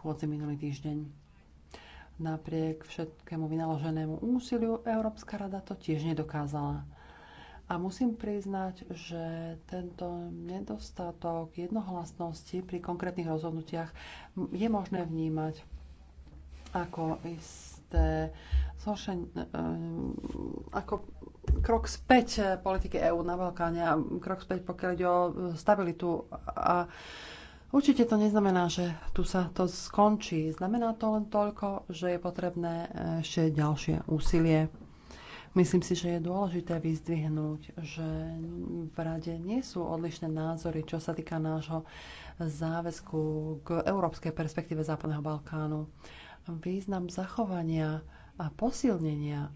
schôdzi minulý týždeň. Napriek všetkému vynaloženému úsiliu Európska rada to tiež nedokázala. A musím priznať, že tento nedostatok jednohlasnosti pri konkrétnych rozhodnutiach je možné vnímať ako isté zhoršenie, e, ako krok späť politiky EÚ na Balkáne a krok späť, pokiaľ ide o stabilitu a Určite to neznamená, že tu sa to skončí. Znamená to len toľko, že je potrebné ešte ďalšie úsilie. Myslím si, že je dôležité vyzdvihnúť, že v rade nie sú odlišné názory, čo sa týka nášho záväzku k európskej perspektíve Západného Balkánu. Význam zachovania a posilnenia e,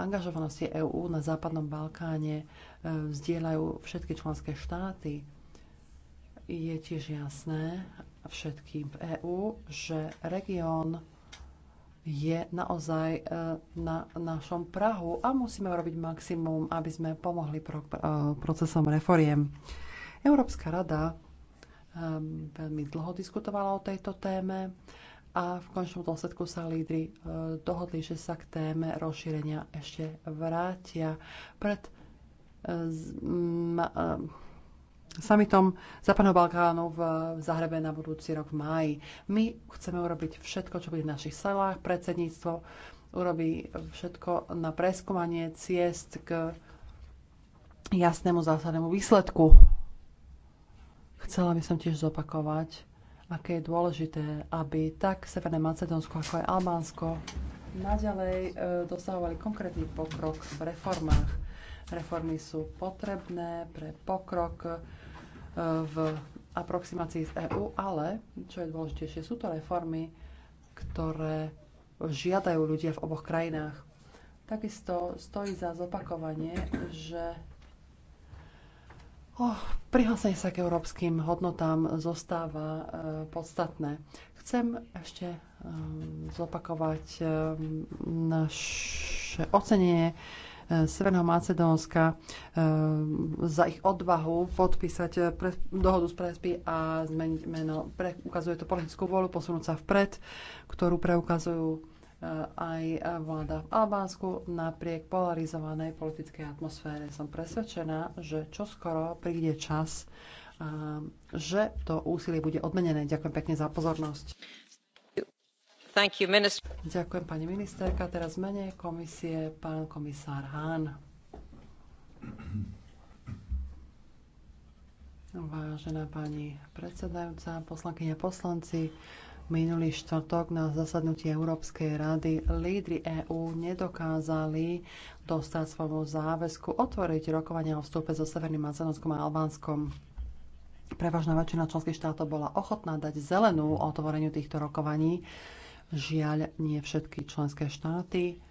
angažovanosti EÚ na Západnom Balkáne e, vzdielajú všetky členské štáty je tiež jasné všetkým v EÚ, že región je naozaj e, na našom Prahu a musíme robiť maximum, aby sme pomohli pro, e, procesom reforiem. Európska rada e, veľmi dlho diskutovala o tejto téme a v končnom dôsledku sa lídry dohodli, že sa k téme rozšírenia ešte vrátia. Pred samitom Západného Balkánu v Zahrebe na budúci rok v máji. My chceme urobiť všetko, čo bude v našich salách. Predsedníctvo urobí všetko na preskúmanie ciest k jasnému zásadnému výsledku. Chcela by som tiež zopakovať, aké je dôležité, aby tak Severné Macedónsko, ako aj Albánsko naďalej e, dosahovali konkrétny pokrok v reformách. Reformy sú potrebné pre pokrok v aproximácii z EÚ, ale, čo je dôležitejšie, sú to reformy, ktoré žiadajú ľudia v oboch krajinách. Takisto stojí za zopakovanie, že oh, prihlásenie sa k európskym hodnotám zostáva uh, podstatné. Chcem ešte e, zopakovať e, naše ocenenie uh, Eh, Severného Macedónska eh, za ich odvahu podpísať eh, pre, dohodu z Prespy a zmeniť meno. Pre, ukazuje to politickú vôľu posunúť sa vpred, ktorú preukazujú aj vláda v Albánsku. Napriek polarizovanej politickej atmosfére som presvedčená, že čoskoro príde čas, že to úsilie bude odmenené. Ďakujem pekne za pozornosť. Ďakujem, pani ministerka. Teraz menej komisie, pán komisár Hahn. Vážená pani predsedajúca, a poslanci, minulý štvrtok na zasadnutí Európskej rady lídry EÚ nedokázali dostať svojmu záväzku otvoriť rokovania o vstupe so Severným Macedónskom a Albánskom. Prevažná väčšina členských štátov bola ochotná dať zelenú otvoreniu týchto rokovaní, Žiaľ, nie všetky členské štáty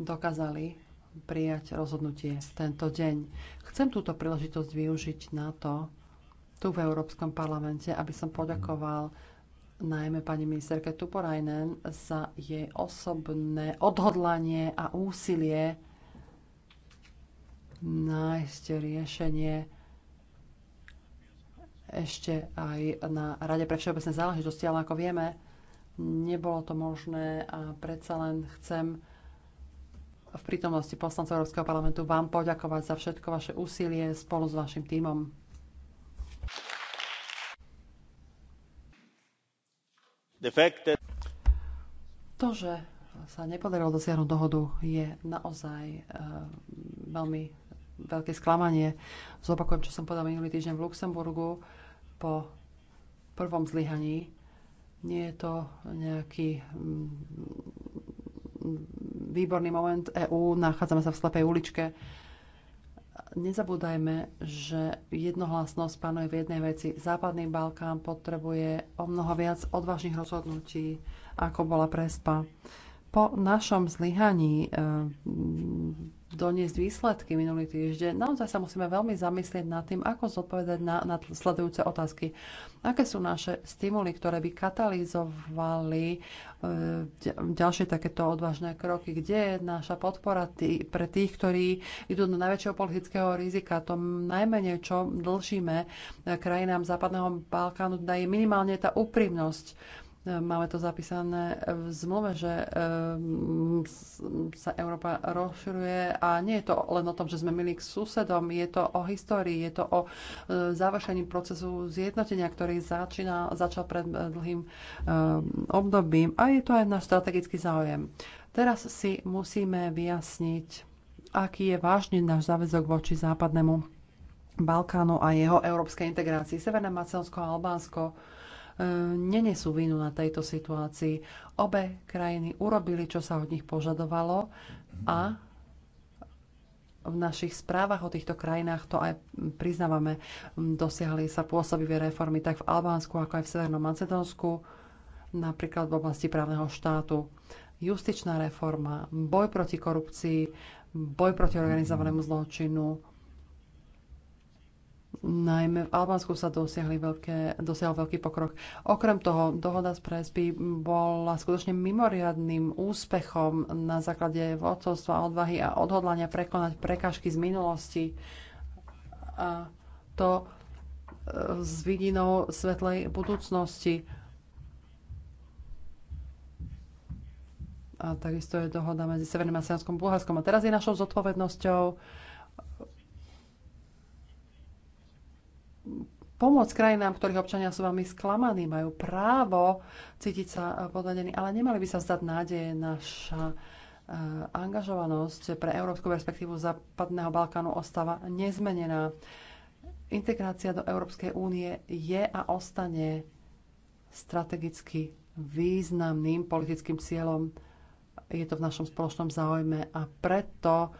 dokázali prijať rozhodnutie v tento deň. Chcem túto príležitosť využiť na to, tu v Európskom parlamente, aby som poďakoval najmä pani ministerke Tuporajnen za jej osobné odhodlanie a úsilie nájsť riešenie ešte aj na Rade pre všeobecné záležitosti, ale ako vieme, Nebolo to možné a predsa len chcem v prítomnosti poslancov Európskeho parlamentu vám poďakovať za všetko vaše úsilie spolu s vašim tímom. To, že sa nepodarilo dosiahnuť dohodu, je naozaj uh, veľmi veľké sklamanie. Zopakujem, čo som povedal minulý týždeň v Luxemburgu po prvom zlyhaní nie je to nejaký mm, výborný moment EÚ, nachádzame sa v slepej uličke. Nezabúdajme, že jednohlasnosť panuje v jednej veci. Západný Balkán potrebuje o mnoho viac odvážnych rozhodnutí, ako bola prespa. Po našom zlyhaní e, doniesť výsledky minulý týždeň, naozaj sa musíme veľmi zamyslieť nad tým, ako zodpovedať na, na sledujúce otázky. Aké sú naše stimuly, ktoré by katalizovali e, ďalšie takéto odvážne kroky? Kde je naša podpora tý, pre tých, ktorí idú do najväčšieho politického rizika? To najmenej, čo dlžíme e, krajinám Západného Balkánu, je minimálne tá úprimnosť Máme to zapísané v zmluve, že ehm, sa Európa rozširuje a nie je to len o tom, že sme milí k susedom, je to o histórii, je to o e, završení procesu zjednotenia, ktorý začína, začal pred e, dlhým ehm, obdobím a je to aj náš strategický záujem. Teraz si musíme vyjasniť, aký je vážne náš záväzok voči západnému Balkánu a jeho európskej integrácii. Severné Macedónsko a Albánsko E, nenesú vinu na tejto situácii. Obe krajiny urobili, čo sa od nich požadovalo a v našich správach o týchto krajinách to aj priznávame. Dosiahli sa pôsobivé reformy tak v Albánsku, ako aj v Severnom Macedónsku, napríklad v oblasti právneho štátu. Justičná reforma, boj proti korupcii, boj proti organizovanému zločinu, Najmä v Albánsku sa dosiahli veľké, dosiahol veľký pokrok. Okrem toho, dohoda z Presby bola skutočne mimoriadným úspechom na základe vodcovstva, odvahy a odhodlania prekonať prekažky z minulosti. A to e, s vidinou svetlej budúcnosti. A takisto je dohoda medzi Severným a Sianskom Bulharskom. A teraz je našou zodpovednosťou pomôcť krajinám, ktorých občania sú veľmi sklamaní, majú právo cítiť sa eh, podvedení, ale nemali by sa zdať nádeje naša eh, angažovanosť pre európsku perspektívu Západného Balkánu ostáva nezmenená. Integrácia do Európskej únie je a ostane strategicky významným politickým cieľom. Je to v našom spoločnom záujme a preto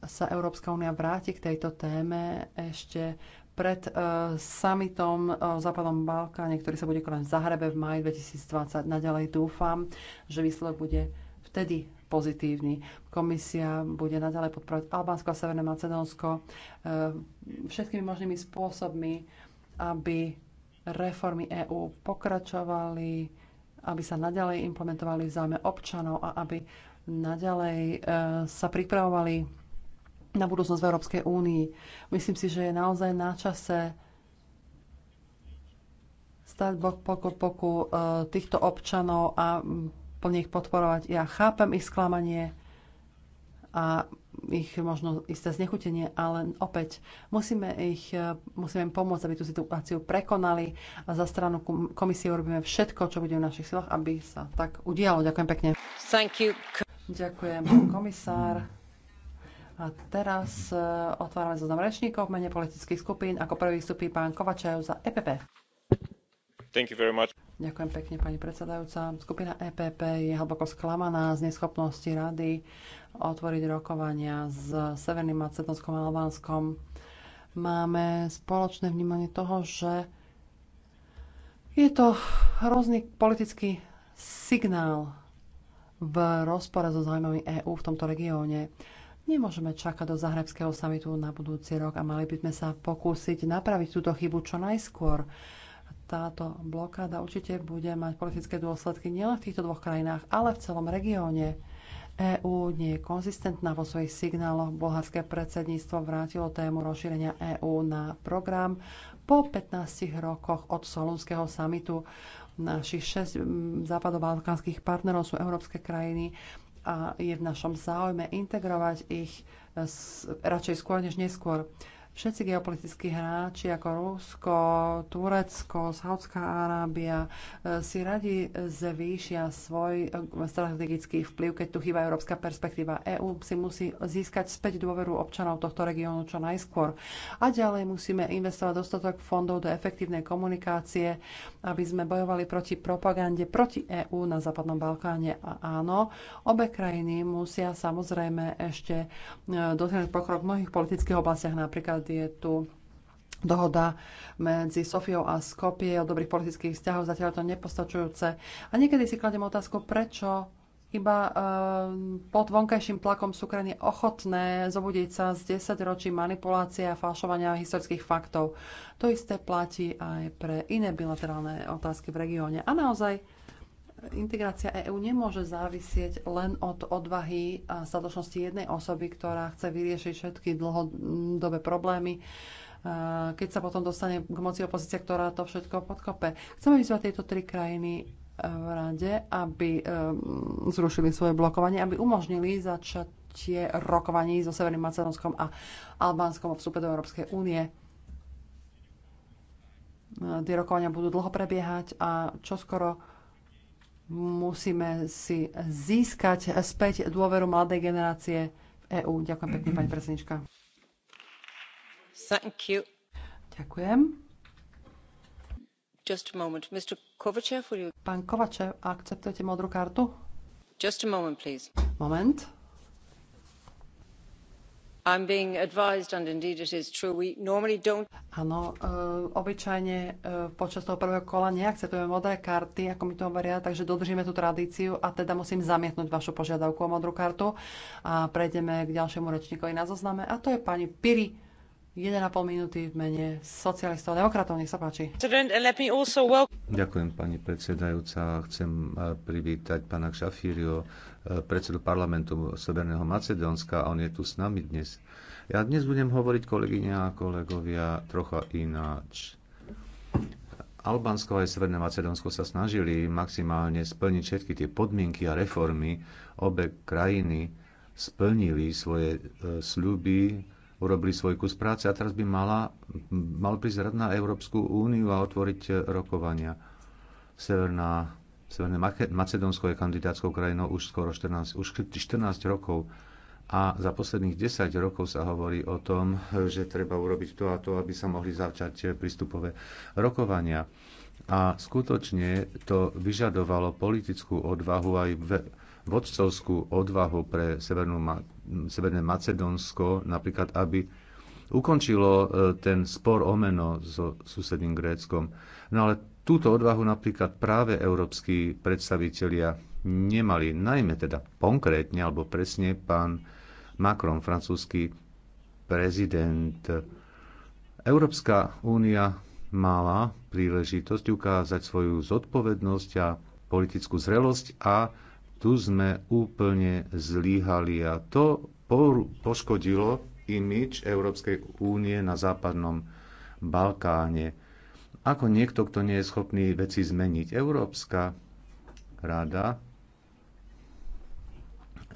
sa Európska únia vráti k tejto téme ešte pred eh, summitom o eh, Západnom Balkáne, ktorý sa bude konať v Zahrebe v maji 2020. Naďalej dúfam, že výsledok bude vtedy pozitívny. Komisia bude naďalej podporovať Albánsko a Severné Macedónsko eh, všetkými možnými spôsobmi, aby reformy EÚ pokračovali, aby sa naďalej implementovali v záujme občanov a aby naďalej sa pripravovali na budúcnosť v Európskej únii. Myslím si, že je naozaj na čase stať bok po boku e, týchto občanov a plne ich podporovať. Ja chápem ich sklamanie a ich možno isté znechutenie, ale opäť musíme, ich, e, musíme im pomôcť, aby tú situáciu prekonali a za stranu komisie urobíme všetko, čo bude v našich silách, aby sa tak udialo. Ďakujem pekne. Thank you. Ďakujem, komisár. A teraz eh, otvárame zoznam rečníkov v mene politických skupín. Ako prvý vstupí pán Kovačajú za EPP. Thank you very much. Ďakujem pekne, pani predsedajúca. Skupina EPP je hlboko sklamaná z neschopnosti rady otvoriť rokovania s Severným Macedónskom a Albánskom. Máme spoločné vnímanie toho, že je to hrozný politický signál v rozpore so zájmami EÚ v tomto regióne. Nemôžeme čakať do Zahrebského samitu na budúci rok a mali by sme sa pokúsiť napraviť túto chybu čo najskôr. Táto blokáda určite bude mať politické dôsledky nielen v týchto dvoch krajinách, ale v celom regióne. EÚ nie je konzistentná vo svojich signáloch. Bulharské predsedníctvo vrátilo tému rozšírenia EÚ na program po 15 rokoch od Solunského samitu. Našich 6 západobalkánskych partnerov sú európske krajiny a je v našom záujme integrovať ich radšej skôr než neskôr. Všetci geopolitickí hráči ako Rusko, Turecko, Saudská Arábia e, si radi zvýšia svoj e, strategický vplyv, keď tu chýba európska perspektíva. EÚ si musí získať späť dôveru občanov tohto regiónu čo najskôr. A ďalej musíme investovať dostatok fondov do efektívnej komunikácie, aby sme bojovali proti propagande proti EÚ na Západnom Balkáne. A áno, obe krajiny musia samozrejme ešte e, dosiahnuť pokrok v mnohých politických oblastiach, napríklad Napríklad je tu dohoda medzi Sofiou a Skopie o dobrých politických vzťahoch, zatiaľ to nepostačujúce. A niekedy si kladiem otázku, prečo iba eh, pod vonkajším tlakom sú krajiny ochotné zobudiť sa z 10 ročí manipulácie a falšovania historických faktov. To isté platí aj pre iné bilaterálne otázky v regióne. A naozaj Integrácia EÚ nemôže závisieť len od odvahy a statočnosti jednej osoby, ktorá chce vyriešiť všetky dlhodobé problémy, keď sa potom dostane k moci opozícia, ktorá to všetko podkope. Chceme vyzvať tieto tri krajiny e, v rade, aby e, zrušili svoje blokovanie, aby umožnili začatie rokovaní so Severným Macedónskom a Albánskom o vstupe do Európskej únie e, tie rokovania budú dlho prebiehať a čoskoro musíme si získať späť dôveru mladej generácie v EÚ. Ďakujem pekne, pani predsednička. Thank you. Ďakujem. Just a moment. Mr. Kovacev, will you... Pán Kovačev, akceptujete modrú kartu? Just a moment, please. Moment. Áno, e, obyčajne e, počas toho prvého kola neakceptujeme modré karty, ako mi to hovoria, takže dodržíme tú tradíciu a teda musím zamietnúť vašu požiadavku o modrú kartu a prejdeme k ďalšiemu rečníkovi na zozname a to je pani Piri 1,5 minúty v mene socialistov a demokratov. Nech sa páči. Ďakujem, pani predsedajúca. Chcem eh, privítať pána Šafírio, eh, predsedu parlamentu Severného Macedónska on je tu s nami dnes. Ja dnes budem hovoriť, kolegyňa a kolegovia, trocha ináč. Albánsko aj Severné Macedónsko sa snažili maximálne splniť všetky tie podmienky a reformy. Obe krajiny splnili svoje eh, sľuby, urobili svoj kus práce a teraz by mala, mal prísť na Európsku úniu a otvoriť e, rokovania. Severná, Severné Macedónsko je kandidátskou krajinou už skoro 14, už 14 rokov a za posledných 10 rokov sa hovorí o tom, že treba urobiť to a to, aby sa mohli začať e, prístupové rokovania. A skutočne to vyžadovalo politickú odvahu aj vodcovskú odvahu pre Severnú, Severné Macedónsko, napríklad, aby ukončilo e, ten spor o meno so susedným Gréckom. No ale túto odvahu napríklad práve európsky predstavitelia nemali, najmä teda konkrétne alebo presne pán Macron, francúzsky prezident. Európska únia mala príležitosť ukázať svoju zodpovednosť a politickú zrelosť a tu sme úplne zlíhali a to poškodilo imič Európskej únie na západnom Balkáne. Ako niekto, kto nie je schopný veci zmeniť. Európska rada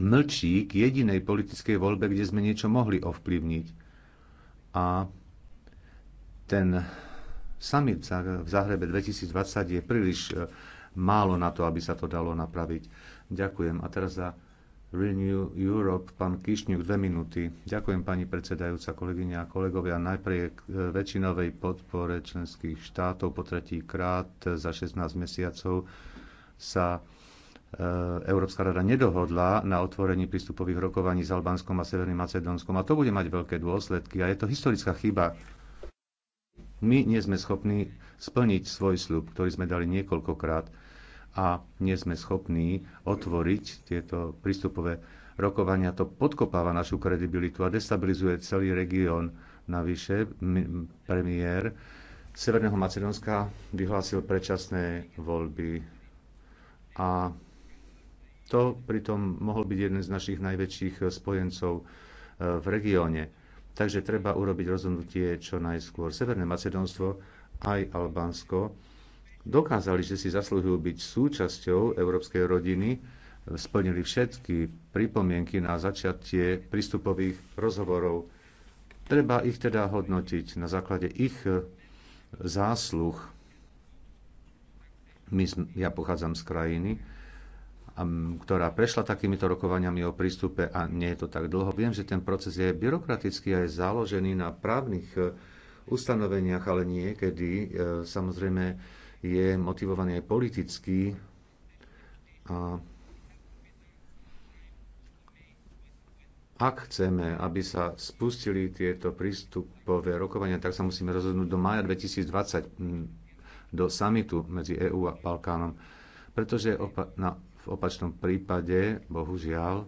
mlčí k jedinej politickej voľbe, kde sme niečo mohli ovplyvniť. A ten summit v Zahrebe 2020 je príliš eh, málo na to, aby sa to dalo napraviť Ďakujem. A teraz za Renew Europe, pán Kišňuk, dve minúty. Ďakujem, pani predsedajúca, kolegyne a kolegovia. Najprv k e, väčšinovej podpore členských štátov po tretí krát za 16 mesiacov sa e, Európska rada nedohodla na otvorení prístupových rokovaní s Albánskom a Severným Macedónskom. A to bude mať veľké dôsledky. A je to historická chyba. My nie sme schopní splniť svoj sľub, ktorý sme dali niekoľkokrát a nie sme schopní otvoriť tieto prístupové rokovania. To podkopáva našu kredibilitu a destabilizuje celý región. Navyše premiér Severného Macedónska vyhlásil predčasné voľby a to pritom mohol byť jeden z našich najväčších spojencov e, v regióne. Takže treba urobiť rozhodnutie čo najskôr. Severné Macedónstvo aj Albánsko dokázali, že si zaslúžil byť súčasťou európskej rodiny, splnili všetky pripomienky na začiatie prístupových rozhovorov. Treba ich teda hodnotiť na základe ich e, zásluh. My, ja pochádzam z krajiny, ktorá prešla takýmito rokovaniami o prístupe a nie je to tak dlho. Viem, že ten proces je byrokratický a je založený na právnych e, ustanoveniach, ale niekedy e, samozrejme je motivovaný aj politicky a ak chceme, aby sa spustili tieto prístupové rokovania, tak sa musíme rozhodnúť do maja 2020 mm, do samitu medzi EÚ a Balkánom. Pretože opa- na, v opačnom prípade, bohužiaľ, e,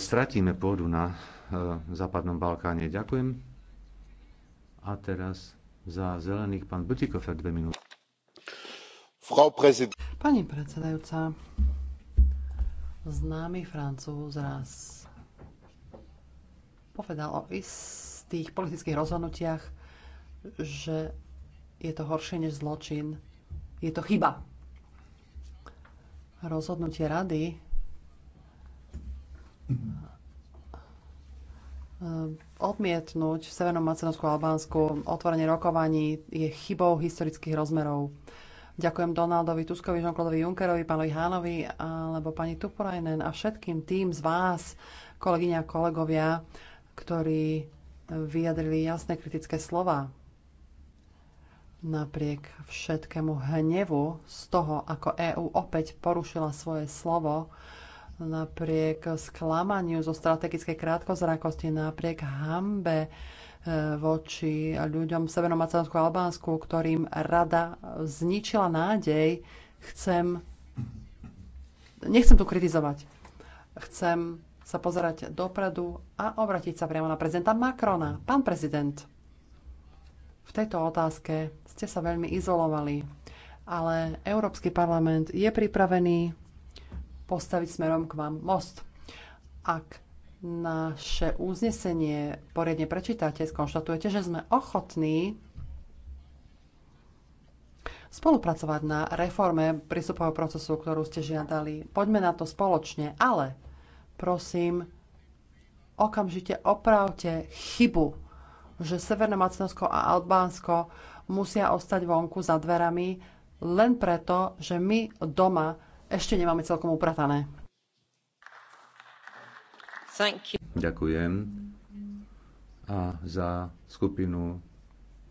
stratíme pôdu na e, západnom Balkáne. Ďakujem. A teraz za zelených pán Butikofer dve minúty. Pani predsedajúca, známy francúz raz povedal o istých politických rozhodnutiach, že je to horšie než zločin. Je to chyba. Rozhodnutie rady eh, odmietnúť v Severnom Macedónsku a Albánsku otvorenie rokovaní je chybou historických rozmerov. Ďakujem Donaldovi Tuskovi, jean Junkerovi, Junckerovi, pánovi Hánovi alebo pani Tuporajnen a všetkým tým z vás, kolegyňa a kolegovia, ktorí vyjadrili jasné kritické slova napriek všetkému hnevu z toho, ako EÚ opäť porušila svoje slovo, napriek sklamaniu zo strategickej krátkozrakosti, napriek hambe, voči ľuďom v Severnom a Albánsku, ktorým rada zničila nádej. Chcem... Nechcem tu kritizovať. Chcem sa pozerať dopredu a obratiť sa priamo na prezidenta Macrona. Pán prezident, v tejto otázke ste sa veľmi izolovali, ale Európsky parlament je pripravený postaviť smerom k vám most. Ak naše uznesenie poriadne prečítate, skonštatujete, že sme ochotní spolupracovať na reforme prístupového procesu, ktorú ste žiadali. Poďme na to spoločne, ale prosím, okamžite opravte chybu, že Severné Macedónsko a Albánsko musia ostať vonku za dverami len preto, že my doma ešte nemáme celkom upratané. Ďakujem. A za skupinu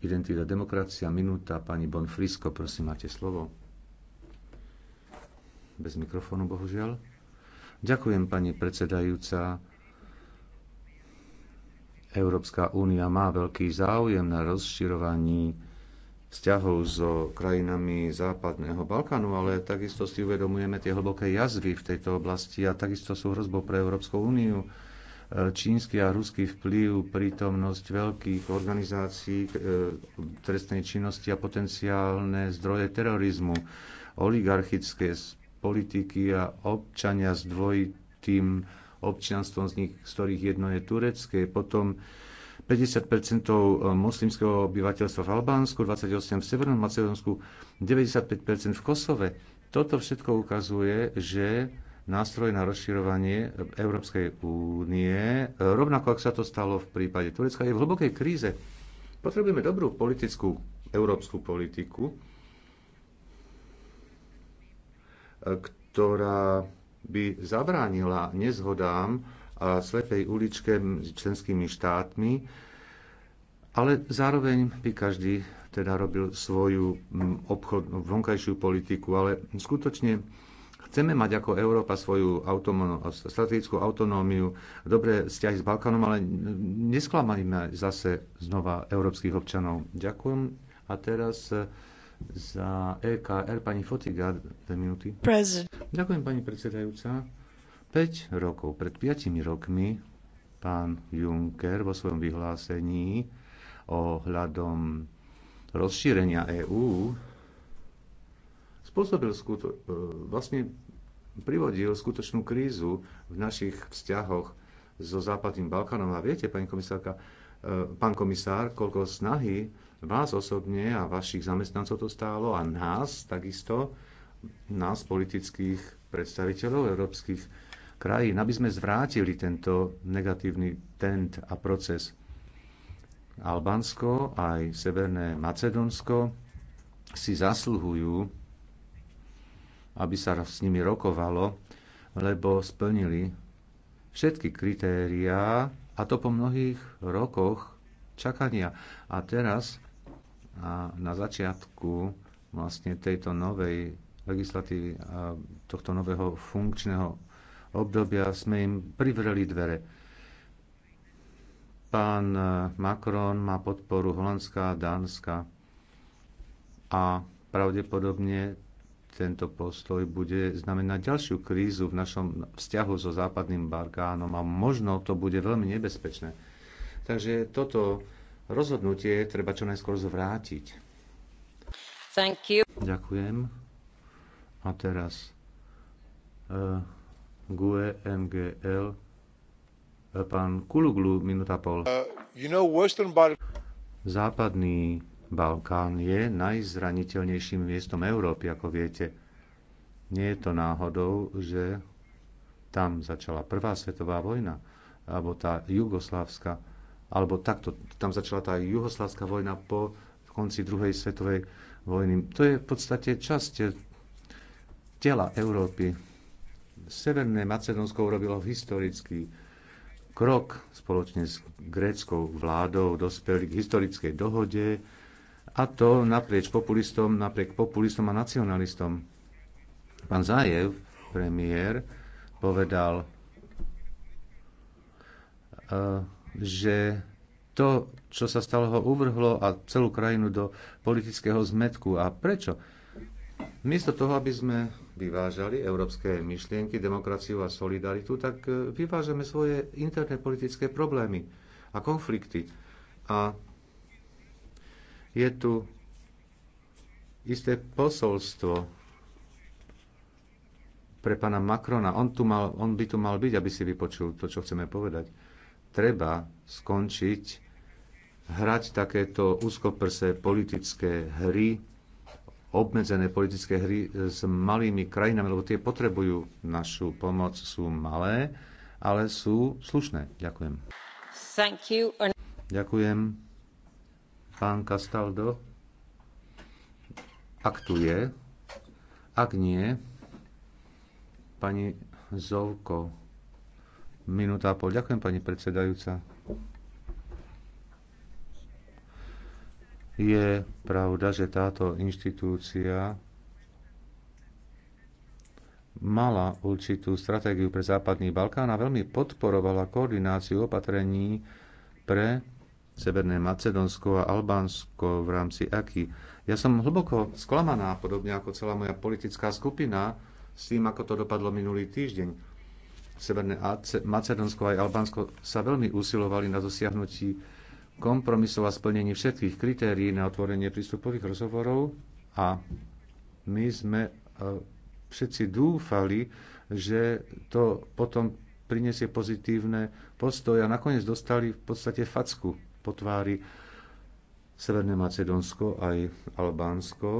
Identita demokracia, minúta, pani Bonfrisko, prosím, máte slovo. Bez mikrofónu, bohužiaľ. Ďakujem, pani predsedajúca. Európska únia má veľký záujem na rozširovaní vzťahov so krajinami západného Balkánu, ale takisto si uvedomujeme tie hlboké jazvy v tejto oblasti a takisto sú hrozbou pre Európsku úniu. E, čínsky a ruský vplyv, prítomnosť veľkých organizácií e, trestnej činnosti a potenciálne zdroje terorizmu, oligarchické politiky a občania s dvojitým občianstvom, z, nich, z ktorých jedno je turecké, potom 50 eh, moslimského obyvateľstva v Albánsku, 28 v Severnom Macedónsku, 95 v Kosove. Toto všetko ukazuje, že nástroj na rozširovanie Európskej únie, eh, rovnako ako sa to stalo v prípade Turecka, je v hlbokej kríze. Potrebujeme dobrú politickú európsku politiku, eh, ktorá by zabránila nezhodám a slepej uličke medzi členskými štátmi, ale zároveň by každý teda robil svoju mm, obchod, vonkajšiu politiku, ale skutočne chceme mať ako Európa svoju autonó- strategickú autonómiu, dobré vzťahy s Balkánom, ale nesklamajme zase znova európskych občanov. Ďakujem. A teraz e, za EKR pani Fotiga, dve minúty. Ďakujem pani predsedajúca 5 rokov, pred 5 rokmi pán Juncker vo svojom vyhlásení ohľadom rozšírenia EÚ spôsobil skuto- e, vlastne privodil skutočnú krízu v našich vzťahoch so Západným Balkánom. A viete, pani komisárka, e, pán komisár, koľko snahy vás osobne a vašich zamestnancov to stálo a nás takisto, nás politických predstaviteľov európskych krajín, aby sme zvrátili tento negatívny trend a proces. Albánsko aj Severné Macedónsko si zasluhujú, aby sa s nimi rokovalo, lebo splnili všetky kritériá a to po mnohých rokoch čakania. A teraz a na začiatku vlastne tejto novej legislatívy, tohto nového funkčného obdobia sme im privreli dvere. Pán Macron má podporu Holandska a Dánska a pravdepodobne tento postoj bude znamenať ďalšiu krízu v našom vzťahu so západným Balkánom a možno to bude veľmi nebezpečné. Takže toto rozhodnutie treba čo najskôr zvrátiť. Thank you. Ďakujem. A teraz uh, GUE NGL pán Kuluglu, minúta pol. Uh, Západný Balkán je najzraniteľnejším miestom Európy, ako viete. Nie je to náhodou, že tam začala Prvá svetová vojna, alebo tá jugoslávska, alebo takto, tam začala tá Jugoslavská vojna po konci druhej svetovej vojny. To je v podstate časť tela Európy Severné Macedónsko urobilo historický krok spoločne s gréckou vládou, dospeli k historickej dohode a to naprieč populistom, napriek populistom a nacionalistom. Pán Zajev, premiér, povedal, eh, že to, čo sa stalo, ho uvrhlo a celú krajinu do politického zmetku. A prečo? Miesto toho, aby sme vyvážali európske myšlienky, demokraciu a solidaritu, tak e, vyvážame svoje interné politické problémy a konflikty. A je tu isté posolstvo pre pána Macrona. On, tu mal, on by tu mal byť, aby si vypočul to, čo chceme povedať. Treba skončiť hrať takéto úzkoprse politické hry, obmedzené politické hry e, s malými krajinami, lebo tie potrebujú našu pomoc, sú malé, ale sú slušné. Ďakujem. Ďakujem. Pán Castaldo, ak tu je, ak nie, pani Zovko, minúta a pol. Ďakujem, pani predsedajúca. Je pravda, že táto inštitúcia mala určitú stratégiu pre Západný Balkán a veľmi podporovala koordináciu opatrení pre Severné Macedónsko a Albánsko v rámci AKI. Ja som hlboko sklamaná, podobne ako celá moja politická skupina, s tým, ako to dopadlo minulý týždeň. Severné Macedónsko aj Albánsko sa veľmi usilovali na dosiahnutí kompromisov a splnení všetkých kritérií na otvorenie prístupových rozhovorov a my sme e, všetci dúfali, že to potom prinesie pozitívne postoje a nakoniec dostali v podstate facku po tvári Severné Macedónsko aj Albánsko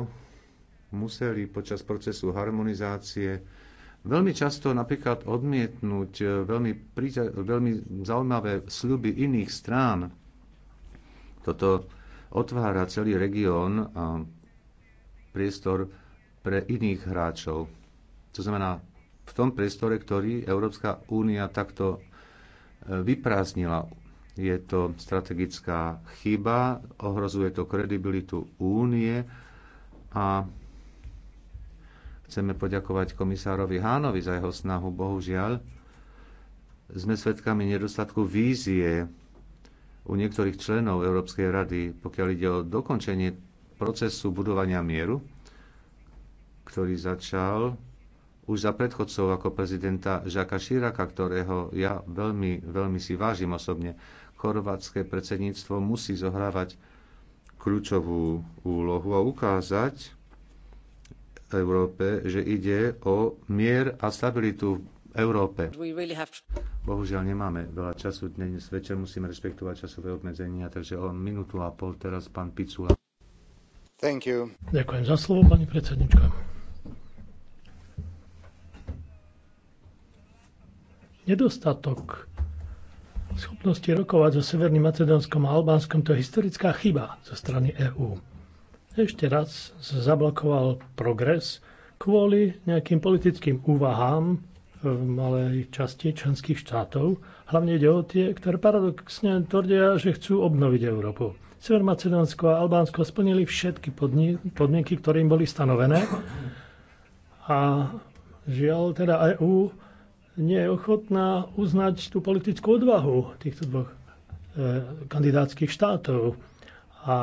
museli počas procesu harmonizácie veľmi často napríklad odmietnúť e, veľmi, príťa, veľmi zaujímavé sľuby iných strán, toto otvára celý región a priestor pre iných hráčov. To znamená, v tom priestore, ktorý Európska únia takto e, vyprázdnila, je to strategická chyba, ohrozuje to kredibilitu únie a chceme poďakovať komisárovi Hánovi za jeho snahu. Bohužiaľ, sme svedkami nedostatku vízie u niektorých členov Európskej rady, pokiaľ ide o dokončenie procesu budovania mieru, ktorý začal už za predchodcov ako prezidenta Žaka Širaka, ktorého ja veľmi, veľmi si vážim osobne. Chorvátske predsedníctvo musí zohrávať kľúčovú úlohu a ukázať Európe, že ide o mier a stabilitu Európe. Bohužiaľ nemáme veľa času dnes večer, musíme rešpektovať časové obmedzenia, takže o minútu a pol teraz pán Picula. Thank you. Ďakujem za slovo, pani predsednička. Nedostatok schopnosti rokovať so Severným Macedónskom a Albánskom to je historická chyba zo strany EÚ. Ešte raz zablokoval progres kvôli nejakým politickým úvahám v malej časti členských štátov. Hlavne ide o tie, ktoré paradoxne tvrdia, že chcú obnoviť Európu. Sever Macedónsko a Albánsko splnili všetky podmienky, ktoré im boli stanovené. A žiaľ teda EU nie je ochotná uznať tú politickú odvahu týchto dvoch e, kandidátskych štátov. A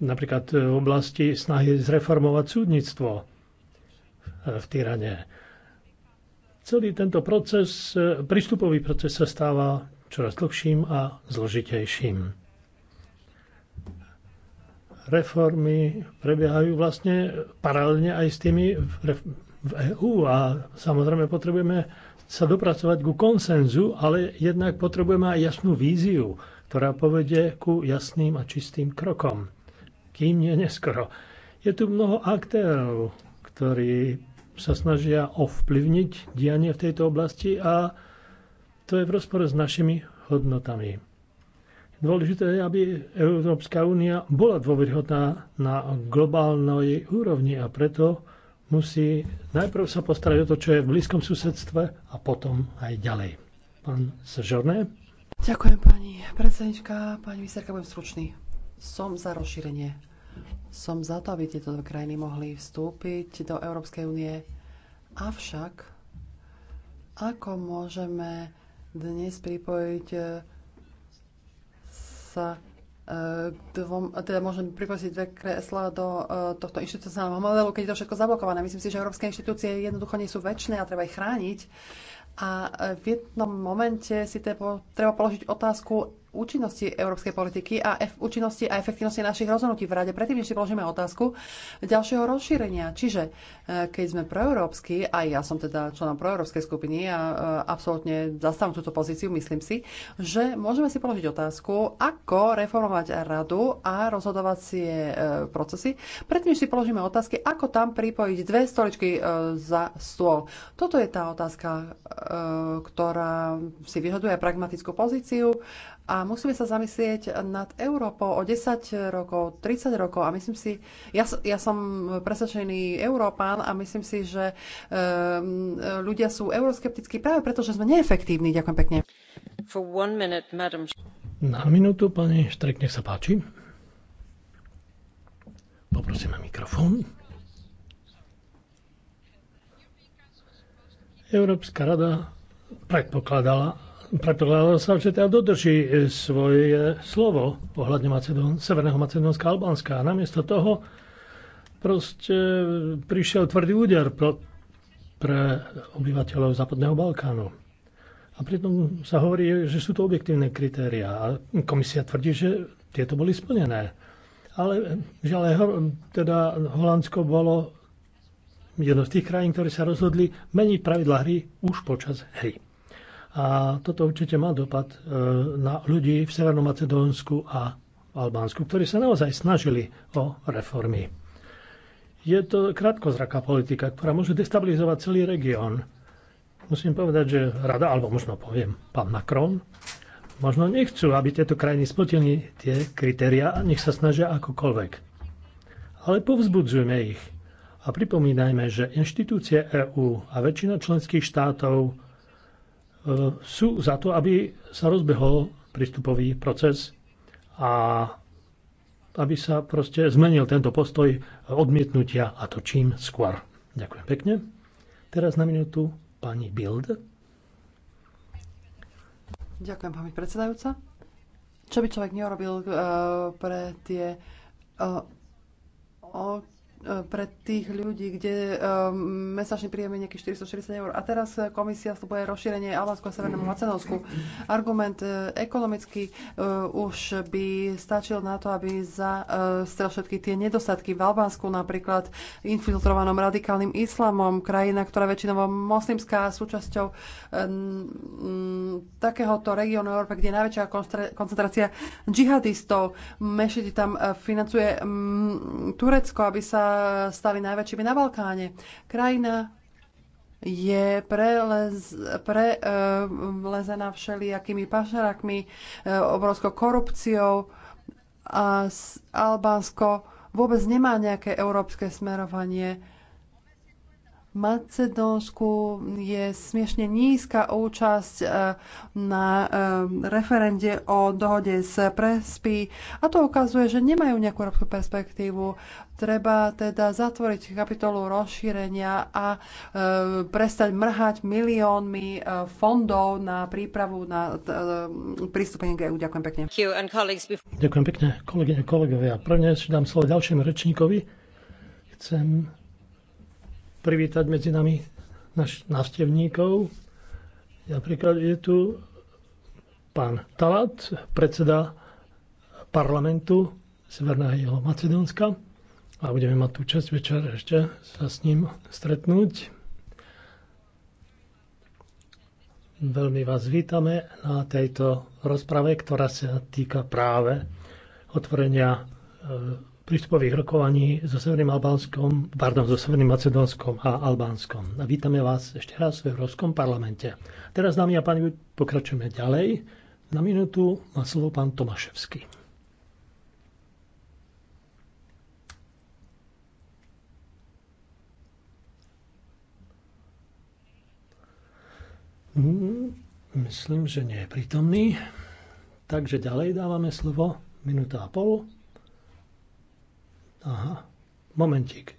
napríklad v oblasti snahy zreformovať súdnictvo e, v Tyrane celý tento proces, e, prístupový proces sa stáva čoraz dlhším a zložitejším. Reformy prebiehajú vlastne paralelne aj s tými v EÚ e a samozrejme potrebujeme sa dopracovať ku konsenzu, ale jednak potrebujeme aj jasnú víziu, ktorá povedie ku jasným a čistým krokom. Kým nie neskoro. Je tu mnoho aktérov, ktorí sa snažia ovplyvniť dianie v tejto oblasti a to je v rozpore s našimi hodnotami. Dôležité je, aby Európska únia bola dôveryhodná na globálnej úrovni a preto musí najprv sa postarať o to, čo je v blízkom susedstve a potom aj ďalej. Pán Sežorné. Ďakujem pani predsednička, pani ministerka, budem stručný. Som za rozšírenie som za to, aby tieto dve krajiny mohli vstúpiť do Európskej únie. Avšak, ako môžeme dnes pripojiť e, sa e, dvom, teda môžem pripojiť dve kresla do e, tohto inštitucionálneho modelu, keď je to všetko zablokované. Myslím si, že európske inštitúcie jednoducho nie sú väčšie a treba ich chrániť. A v jednom momente si treba položiť otázku, účinnosti európskej politiky a ef- účinnosti a efektivnosti našich rozhodnutí v rade. Predtým, než si položíme otázku ďalšieho rozšírenia. Čiže e, keď sme proeurópsky, a ja som teda členom proeurópskej skupiny a e, absolútne zastávam túto pozíciu, myslím si, že môžeme si položiť otázku, ako reformovať radu a rozhodovacie e, procesy. Predtým, než si položíme otázky, ako tam pripojiť dve stoličky za stôl. Toto je tá otázka, ktorá si vyžaduje pragmatickú pozíciu a musíme sa zamyslieť nad Európou o 10 rokov, 30 rokov a myslím si, ja, ja som presvedčený Európán a myslím si, že e, ľudia sú euroskeptickí práve preto, že sme neefektívni. Ďakujem pekne. For one minute, madam. Na minútu, pani Štrek, nech sa páči. na mikrofón. Európska rada predpokladala, predpokladalo sa, že teda dodrží e, svoje e, slovo ohľadne Macedón, Severného Macedónska a Albánska. A namiesto toho proste e, prišiel tvrdý úder pro, pre obyvateľov Západného Balkánu. A pritom sa hovorí, že sú to objektívne kritéria. A komisia tvrdí, že tieto boli splnené. Ale žiaľ, teda Holandsko bolo jedno z tých krajín, ktorí sa rozhodli meniť pravidla hry už počas hry. A toto určite má dopad e, na ľudí v Severnom Macedónsku a Albánsku, ktorí sa naozaj snažili o reformy. Je to krátkozraká politika, ktorá môže destabilizovať celý región. Musím povedať, že rada, alebo možno poviem pán Macron, možno nechcú, aby tieto krajiny splnili tie kritéria a nech sa snažia akokoľvek. Ale povzbudzujme ich a pripomínajme, že inštitúcie EÚ a väčšina členských štátov E, sú za to, aby sa rozbehol prístupový proces a aby sa proste zmenil tento postoj odmietnutia a to čím skôr. Ďakujem pekne. Teraz na minútu pani Bild. Ďakujem, pani predsedajúca. Čo by človek neurobil uh, pre tie uh, E, pre tých ľudí, kde um, mesačný príjem je nejaký 460 eur. A teraz komisia vstupuje rozšírenie Alásku a Severnému Macedónsku. Argument uh, e, ekonomicky uh, už by stačil na to, aby za uh, všetky tie nedostatky v Albánsku, napríklad infiltrovanom radikálnym islamom, krajina, ktorá väčšinovo moslimská súčasťou um, um, takéhoto regiónu Európy, kde je najväčšia koncentrácia džihadistov. Mešiti tam financuje um, Turecko, aby sa stali najväčšími na Balkáne. Krajina je prelez, prelezená všelijakými pašerakmi, e, obrovskou korupciou a Albánsko vôbec nemá nejaké európske smerovanie Macedónsku je smiešne nízka účasť e, na e, referende o dohode s Prespy a to ukazuje, že nemajú nejakú európsku perspektívu. Treba teda zatvoriť kapitolu rozšírenia a e, prestať mrhať miliónmi fondov na prípravu na prístupenie k EU. Ďakujem pekne. Ďakujem pekne, kolegyne, kolegovia. Prvne dám slovo ďalšiemu rečníkovi. Chcem privítať medzi nami naš návštevníkov. Napríklad je tu pán Talat, predseda parlamentu Severného Macedónska a budeme mať tú čas večer ešte sa s ním stretnúť. Veľmi vás vítame na tejto rozprave, ktorá sa týka práve otvorenia e, prístupových rokovaní so Severným Albánskom, pardon, so Severným Macedónskom a Albánskom. A vítame vás ešte raz v Európskom parlamente. Teraz, dámy a páni, pokračujeme ďalej. Na minútu má slovo pán Tomaševský. Hmm, myslím, že nie je prítomný. Takže ďalej dávame slovo minúta a pol Aha, momentík.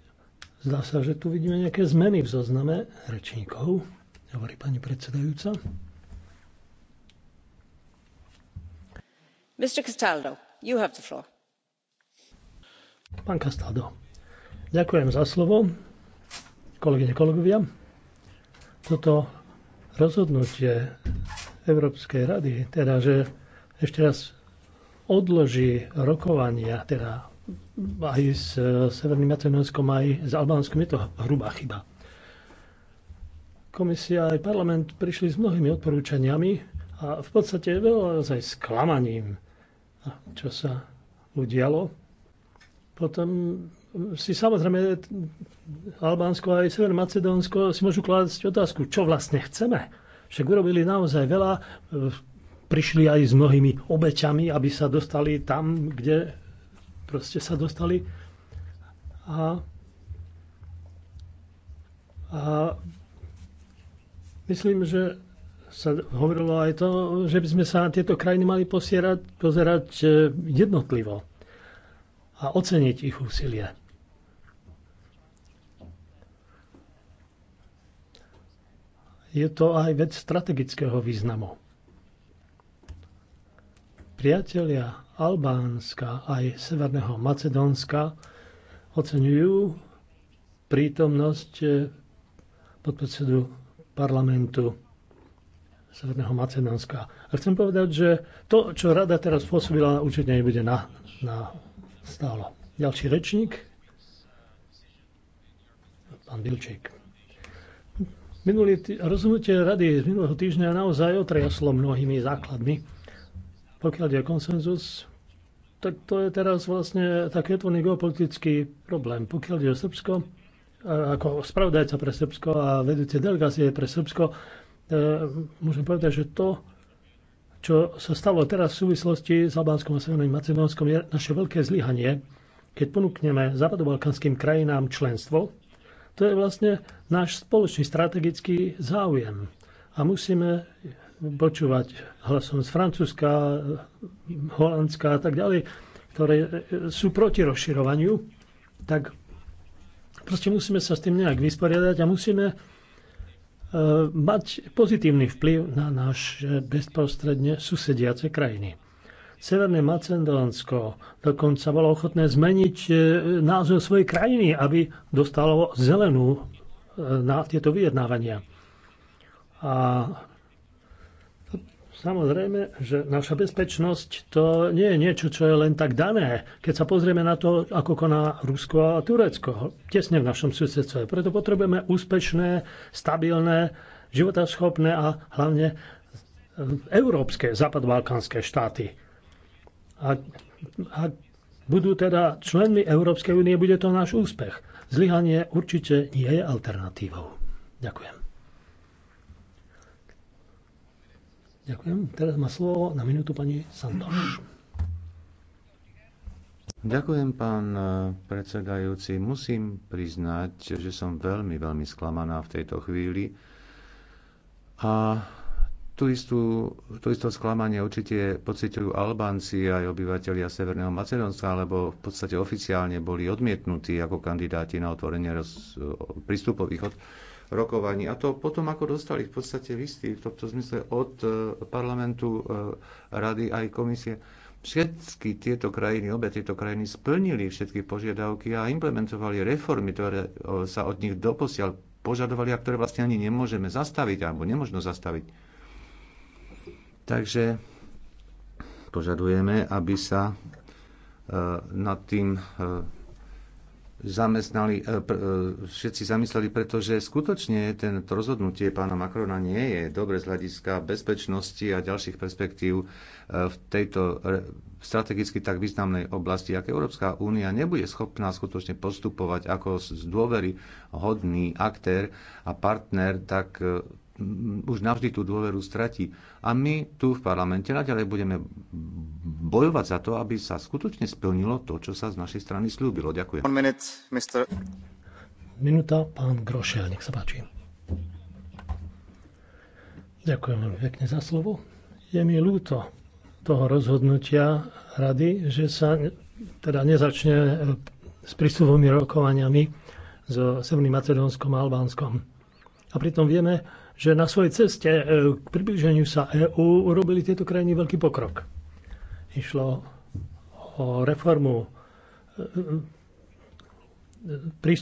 Zdá sa, že tu vidíme nejaké zmeny v zozname rečníkov, hovorí pani predsedajúca. Mr. Castaldo, you have the floor. Pán Castaldo, ďakujem za slovo. Kolegyne, kolegovia, toto rozhodnutie Európskej rady, teda že ešte raz odloží rokovania, teda aj s e, Severným Macedónskom, aj s Albánskom. Je to hrubá chyba. Komisia aj parlament prišli s mnohými odporúčaniami a v podstate veľa aj sklamaním, čo sa udialo. Potom si samozrejme Albánsko aj Severné Macedónsko si môžu klásť otázku, čo vlastne chceme. Však urobili naozaj veľa, e, prišli aj s mnohými obeťami, aby sa dostali tam, kde proste sa dostali a, a myslím, že sa hovorilo aj to, že by sme sa na tieto krajiny mali posierať, pozerať e, jednotlivo a oceniť ich úsilie. Je to aj vec strategického významu. Priatelia Albánska aj Severného Macedónska oceňujú prítomnosť eh, podpredsedu parlamentu Severného Macedónska. A chcem povedať, že to, čo rada teraz pôsobila, určite nebude na, na stálo. Ďalší rečník, pán Bilčík. Minulý tý, rozhodnutie rady z minulého týždňa naozaj otriaslo mnohými základmi pokiaľ je konsenzus, tak to je teraz vlastne takéto geopolitický problém. Pokiaľ je Srbsko, ako spravodajca pre Srbsko a vedúce delegácie pre Srbsko, e, môžem povedať, že to, čo sa stalo teraz v súvislosti s Albánskom a Severným Macedónskom, je naše veľké zlyhanie, keď ponúkneme západobalkanským krajinám členstvo. To je vlastne náš spoločný strategický záujem. A musíme počúvať hlasom z Francúzska, Holandska a tak ďalej, ktoré sú proti rozširovaniu, tak proste musíme sa s tým nejak vysporiadať a musíme e, mať pozitívny vplyv na naše bezprostredne susediace krajiny. Severné Macedónsko dokonca bolo ochotné zmeniť e, názov svojej krajiny, aby dostalo zelenú e, na tieto vyjednávania. A Samozrejme, že naša bezpečnosť to nie je niečo, čo je len tak dané. Keď sa pozrieme na to, ako koná Rusko a Turecko, tesne v našom susedstve. Preto potrebujeme úspešné, stabilné, životaschopné a hlavne eh, európske, západbalkánske štáty. A, a budú teda členmi Európskej únie, bude to náš úspech. Zlyhanie určite nie je alternatívou. Ďakujem. Ďakujem. Teraz má slovo na minútu pani Santoš. Ďakujem, pán e, predsedajúci. Musím priznať, že som veľmi, veľmi sklamaná v tejto chvíli. A tú istú, tú istú sklamanie určite pociťujú Albánci aj obyvateľia Severného Macedónska, lebo v podstate oficiálne boli odmietnutí ako kandidáti na otvorenie roz, prístupových od, rokovaní. A to potom, ako dostali v podstate listy, v tomto zmysle od e, parlamentu, e, rady aj komisie, všetky tieto krajiny, obe tieto krajiny splnili všetky požiadavky a implementovali reformy, ktoré e, sa od nich doposiaľ požadovali a ktoré vlastne ani nemôžeme zastaviť alebo nemožno zastaviť. Takže požadujeme, aby sa nad tým zamestnali, e, e, všetci zamysleli, pretože skutočne ten rozhodnutie pána Macrona nie je dobre z hľadiska bezpečnosti a ďalších perspektív e, v tejto strategicky tak významnej oblasti, ak Európska únia nebude schopná skutočne postupovať ako z dôvery hodný aktér a partner, tak už navždy tú dôveru stratí. A my tu v parlamente naďalej budeme bojovať za to, aby sa skutočne splnilo to, čo sa z našej strany slúbilo. Ďakujem. Minúta, pán Grošel, nech sa páči. Ďakujem veľmi pekne za slovo. Je mi ľúto toho rozhodnutia rady, že sa teda nezačne e, s prístupovými rokovaniami so Severným Macedónskom a Albánskom. A pritom vieme, že na svojej ceste e, k približeniu sa EÚ urobili tieto krajiny veľký pokrok. Išlo o reformu e, e,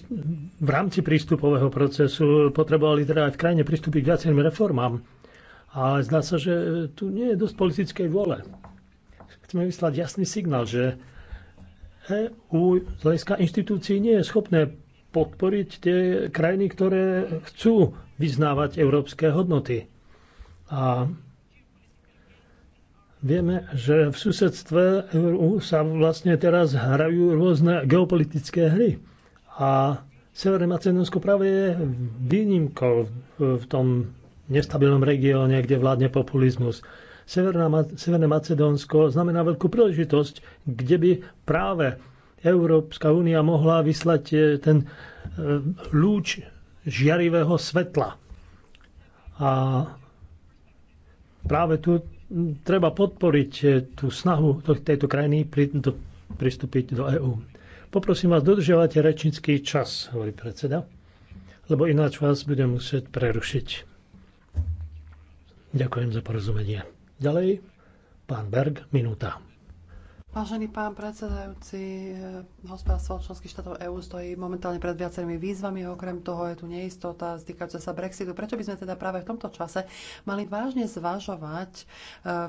v rámci prístupového procesu potrebovali teda aj v krajine pristúpiť k viacerým reformám. Ale zdá sa, že tu nie je dosť politickej vôle. Chceme vyslať jasný signál, že EU z hľadiska inštitúcií nie je schopné podporiť tie krajiny, ktoré chcú vyznávať európske hodnoty. A Vieme, že v susedstve EU sa vlastne teraz hrajú rôzne geopolitické hry. A Severné Macedónsko práve je výnimkou v tom nestabilnom regióne, kde vládne populizmus. Severná, Severné Macedónsko znamená veľkú príležitosť, kde by práve Európska únia mohla vyslať e, ten e, lúč žiarivého svetla. A práve tu treba podporiť e, tú snahu tejto krajiny pristúpiť do EÚ. Poprosím vás, dodržiavate rečnický čas, hovorí predseda, lebo ináč vás budem musieť prerušiť. Ďakujem za porozumenie. Ďalej, pán Berg, minúta. Vážený pán predsedajúci, eh, hospodárstvo členských štátov EÚ stojí momentálne pred viacerými výzvami, okrem toho je tu neistota týkajúca sa Brexitu. Prečo by sme teda práve v tomto čase mali vážne zvažovať eh,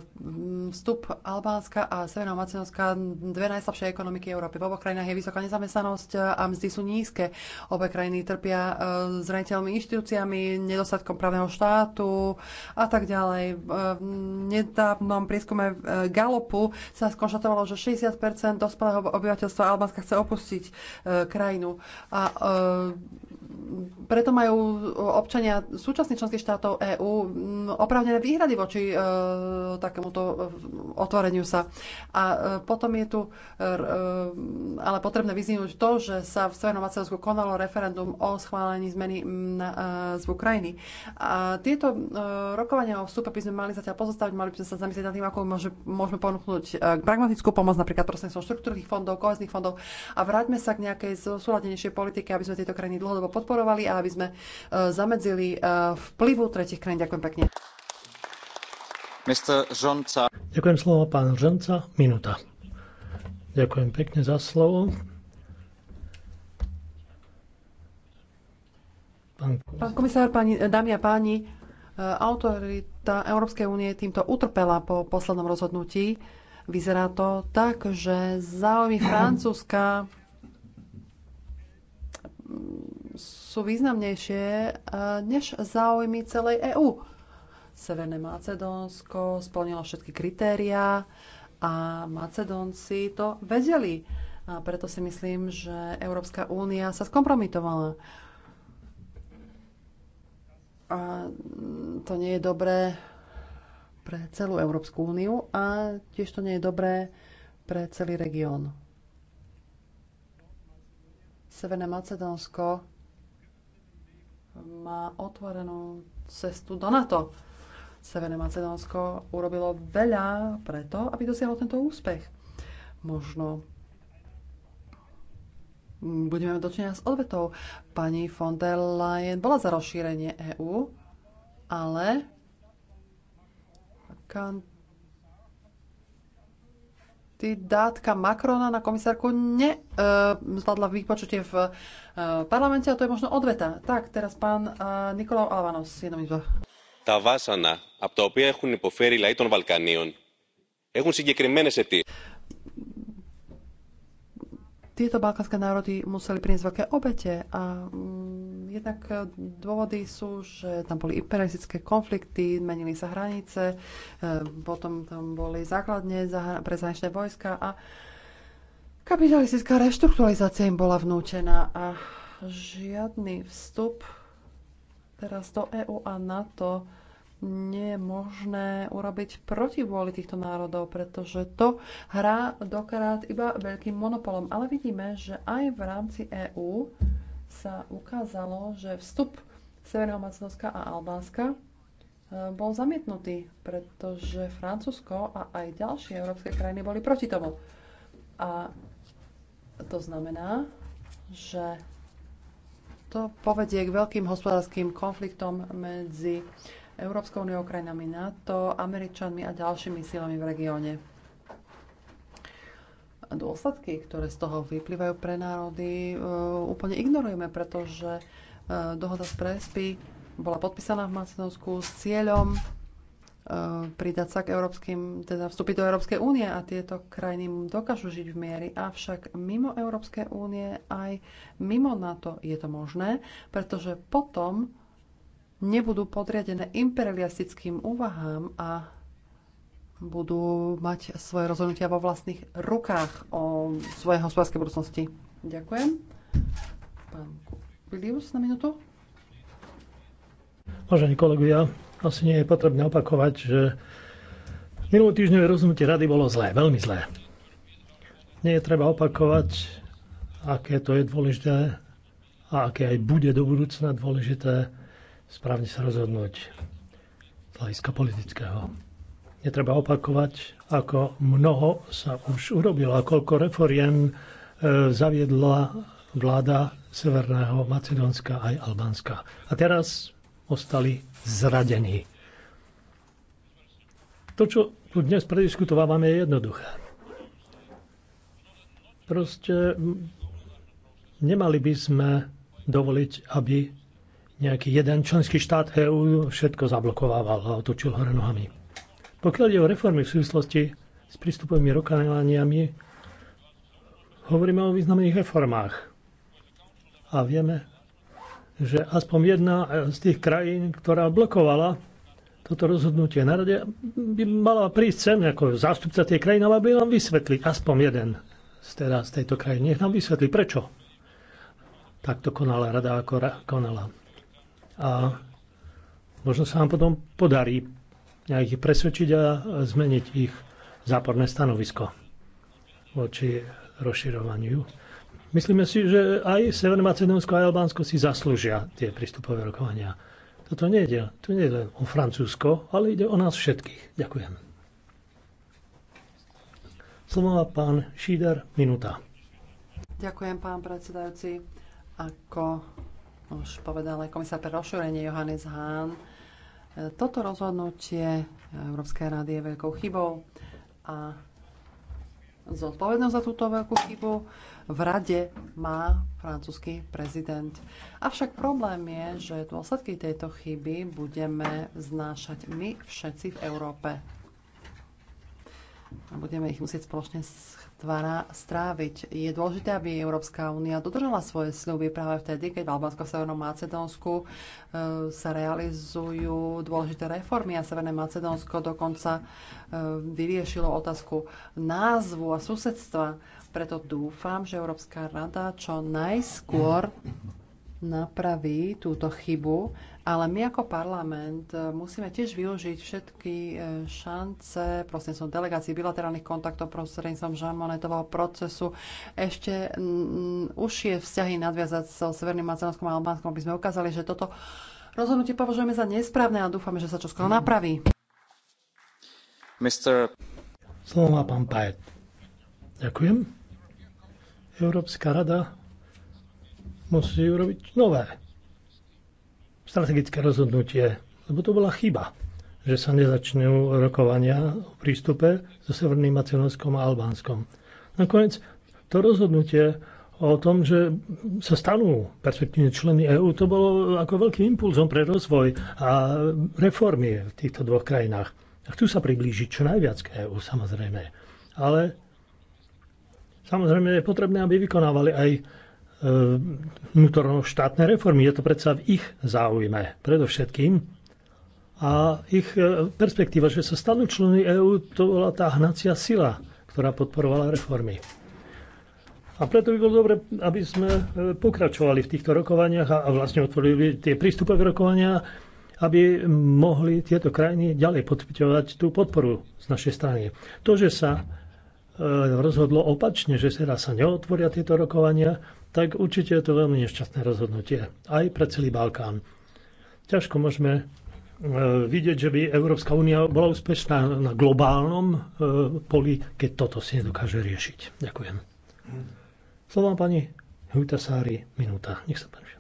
vstup Albánska a Severná Macedónska, dve najslabšie ekonomiky Európy. V oboch krajinách je vysoká nezamestnanosť a mzdy sú nízke. Obe krajiny trpia eh, zraniteľnými inštitúciami, nedostatkom právneho štátu a tak ďalej. V nedávnom prieskume Galopu sa skonštatovalo, že 60 dospelého obyvateľstva Albánska chce opustiť e, krajinu. A e, preto majú občania súčasných členských štátov EÚ oprávnené výhrady voči e, takémuto e, otvoreniu sa. A e, potom je tu e, e ale potrebné vyzývať to, že sa v Severnom Macedónsku konalo referendum o schválení zmeny na, e, z Ukrajiny. A tieto e, rokovania o vstupe by sme mali zatiaľ pozostaviť, mali by sme sa zamyslieť nad tým, ako môže, môžeme ponúknuť e, pragmatickú pomoc, napríklad prostredníctvom štruktúrnych fondov, kohezných fondov a vráťme sa k nejakej súladenejšej politike, aby sme tieto krajiny dlhodobo podporovali a aby sme e, zamedzili e, vplyvu tretich krajín. Ďakujem pekne. Mr. Žonca. Ďakujem slovo, pán Žonca. Minúta. Ďakujem pekne za slovo. Pán, pán komisár, pani, dámy a páni, e, autorita Európskej únie týmto utrpela po poslednom rozhodnutí. Vyzerá to tak, že záujmy Francúzska sú významnejšie e, než záujmy celej EÚ. Severné Macedónsko splnilo všetky kritériá a Macedónci to vedeli. A preto si myslím, že Európska únia sa skompromitovala. A to nie je dobré pre celú Európsku úniu a tiež to nie je dobré pre celý región. Severné Macedónsko má otvorenú cestu do NATO. Severné Macedónsko urobilo veľa preto, aby dosiahlo tento úspech. Možno budeme dočenia s odvetou. Pani von der Leyen bola za rozšírenie EÚ, ale kan- kandidátka Macrona na komisárku nezvládla e, uh, vypočutie v uh, parlamente a to je možno odveta. Tak, teraz pán uh, e, Nikolau Alvanos, jedno vásana, a to από je chudný έχουν υποφέρει οι λαοί των Βαλκανίων έχουν συγκεκριμένες αιτίες. Tieto balkánske národy museli priniesť veľké obete a mm, Jednak e, dôvody sú, že tam boli imperialistické konflikty, menili sa hranice, e, potom tam boli základne pre zahraničné vojska a kapitalistická reštrukturalizácia im bola vnúčená a žiadny vstup teraz do EÚ a NATO nie je možné urobiť proti vôli týchto národov, pretože to hrá dokrát iba veľkým monopolom. Ale vidíme, že aj v rámci EÚ sa ukázalo, že vstup Severného Macedónska a Albánska e, bol zamietnutý, pretože Francúzsko a aj ďalšie európske krajiny boli proti tomu. A to znamená, že to povedie k veľkým hospodárským konfliktom medzi Európskou úniou, krajinami NATO, Američanmi a ďalšími silami v regióne dôsledky, ktoré z toho vyplývajú pre národy, e, úplne ignorujeme, pretože e, dohoda z Prespy bola podpísaná v Macedónsku s cieľom e, pridať sa k európskym, teda vstúpiť do Európskej únie a tieto krajiny dokážu žiť v miery, avšak mimo Európskej únie aj mimo NATO je to možné, pretože potom nebudú podriadené imperialistickým úvahám a budú mať svoje rozhodnutia vo vlastných rukách o svojej hospodárskej budúcnosti. Ďakujem. Pán Kubilius na minútu. Vážení kolegovia, asi nie je potrebné opakovať, že minulý týždňové rozhodnutie rady bolo zlé, veľmi zlé. Nie je treba opakovať, aké to je dôležité a aké aj bude do budúcna dôležité správne sa rozhodnúť z hľadiska politického netreba opakovať, ako mnoho sa už urobilo a koľko reforiem e, zaviedla vláda Severného Macedónska aj Albánska. A teraz ostali zradení. To, čo tu dnes prediskutovávame, je jednoduché. Proste nemali by sme dovoliť, aby nejaký jeden členský štát EÚ všetko zablokovával a otočil hore nohami. Pokiaľ ide o reformy v súvislosti s prístupovými rokovaniami, hovoríme o významných reformách. A vieme, že aspoň jedna z tých krajín, ktorá blokovala toto rozhodnutie na rade, by mala prísť sem ako zástupca tej krajiny, ale by nám vysvetliť aspoň jeden z, teda, z tejto krajiny. Nech nám vysvetli, prečo takto konala rada, ako konala. A možno sa nám potom podarí a ich presvedčiť a zmeniť ich záporné stanovisko voči rozširovaniu. Myslíme si, že aj Severné Macedónsko a Albánsko si zaslúžia tie prístupové rokovania. Toto je, to nie len o Francúzsko, ale ide o nás všetkých. Ďakujem. Slovo má pán Šíder, minúta. Ďakujem, pán predsedajúci. Ako už povedal aj komisár pre rozšírenie Johannes Hahn, toto rozhodnutie Európskej rady je veľkou chybou a zodpovednosť za túto veľkú chybu v rade má francúzsky prezident. Avšak problém je, že dôsledky tejto chyby budeme znášať my všetci v Európe a budeme ich musieť spoločne stvára, stráviť. Je dôležité, aby Európska únia dodržala svoje sľuby práve vtedy, keď v Albánsku a Severnom Macedónsku e, sa realizujú dôležité reformy a Severné Macedónsko dokonca e, vyriešilo otázku názvu a susedstva. Preto dúfam, že Európska rada čo najskôr napraví túto chybu ale my ako parlament e, musíme tiež využiť všetky e, šance prostredníctvom delegácií, bilaterálnych kontaktov, prostredníctvom Žarmonetového procesu. Ešte už je vzťahy nadviazať so Severným Macedónskom a Albánskom, aby sme ukázali, že toto rozhodnutie považujeme za nesprávne a dúfame, že sa čoskoro napraví. Mr. Slovo má pán Pajet. Ďakujem. Európska rada musí urobiť nové strategické rozhodnutie, lebo to bola chyba, že sa nezačnú rokovania o prístupe so Severným Macedónskom a Albánskom. Nakoniec to rozhodnutie o tom, že sa stanú perspektívne členy EÚ, to bolo ako veľký impulzom pre rozvoj a reformy v týchto dvoch krajinách. A chcú sa priblížiť čo najviac k EÚ, samozrejme. Ale samozrejme je potrebné, aby vykonávali aj E, vnútornoštátne reformy. Je to predsa v ich záujme predovšetkým. A ich e, perspektíva, že sa stanú členy EÚ, to bola tá hnacia sila, ktorá podporovala reformy. A preto by bolo dobre, aby sme e, pokračovali v týchto rokovaniach a vlastne otvorili tie prístupové rokovania, aby mohli tieto krajiny ďalej podpiťovať tú podporu z našej strany. To, že sa E, rozhodlo opačne, že teraz sa neotvoria tieto rokovania, tak určite je to veľmi nešťastné rozhodnutie aj pre celý Balkán. Ťažko môžeme e, vidieť, že by Európska únia bola úspešná na globálnom e, poli, keď toto si nedokáže riešiť. Ďakujem. Slovo pani Hutasári, minúta. Nech sa páči.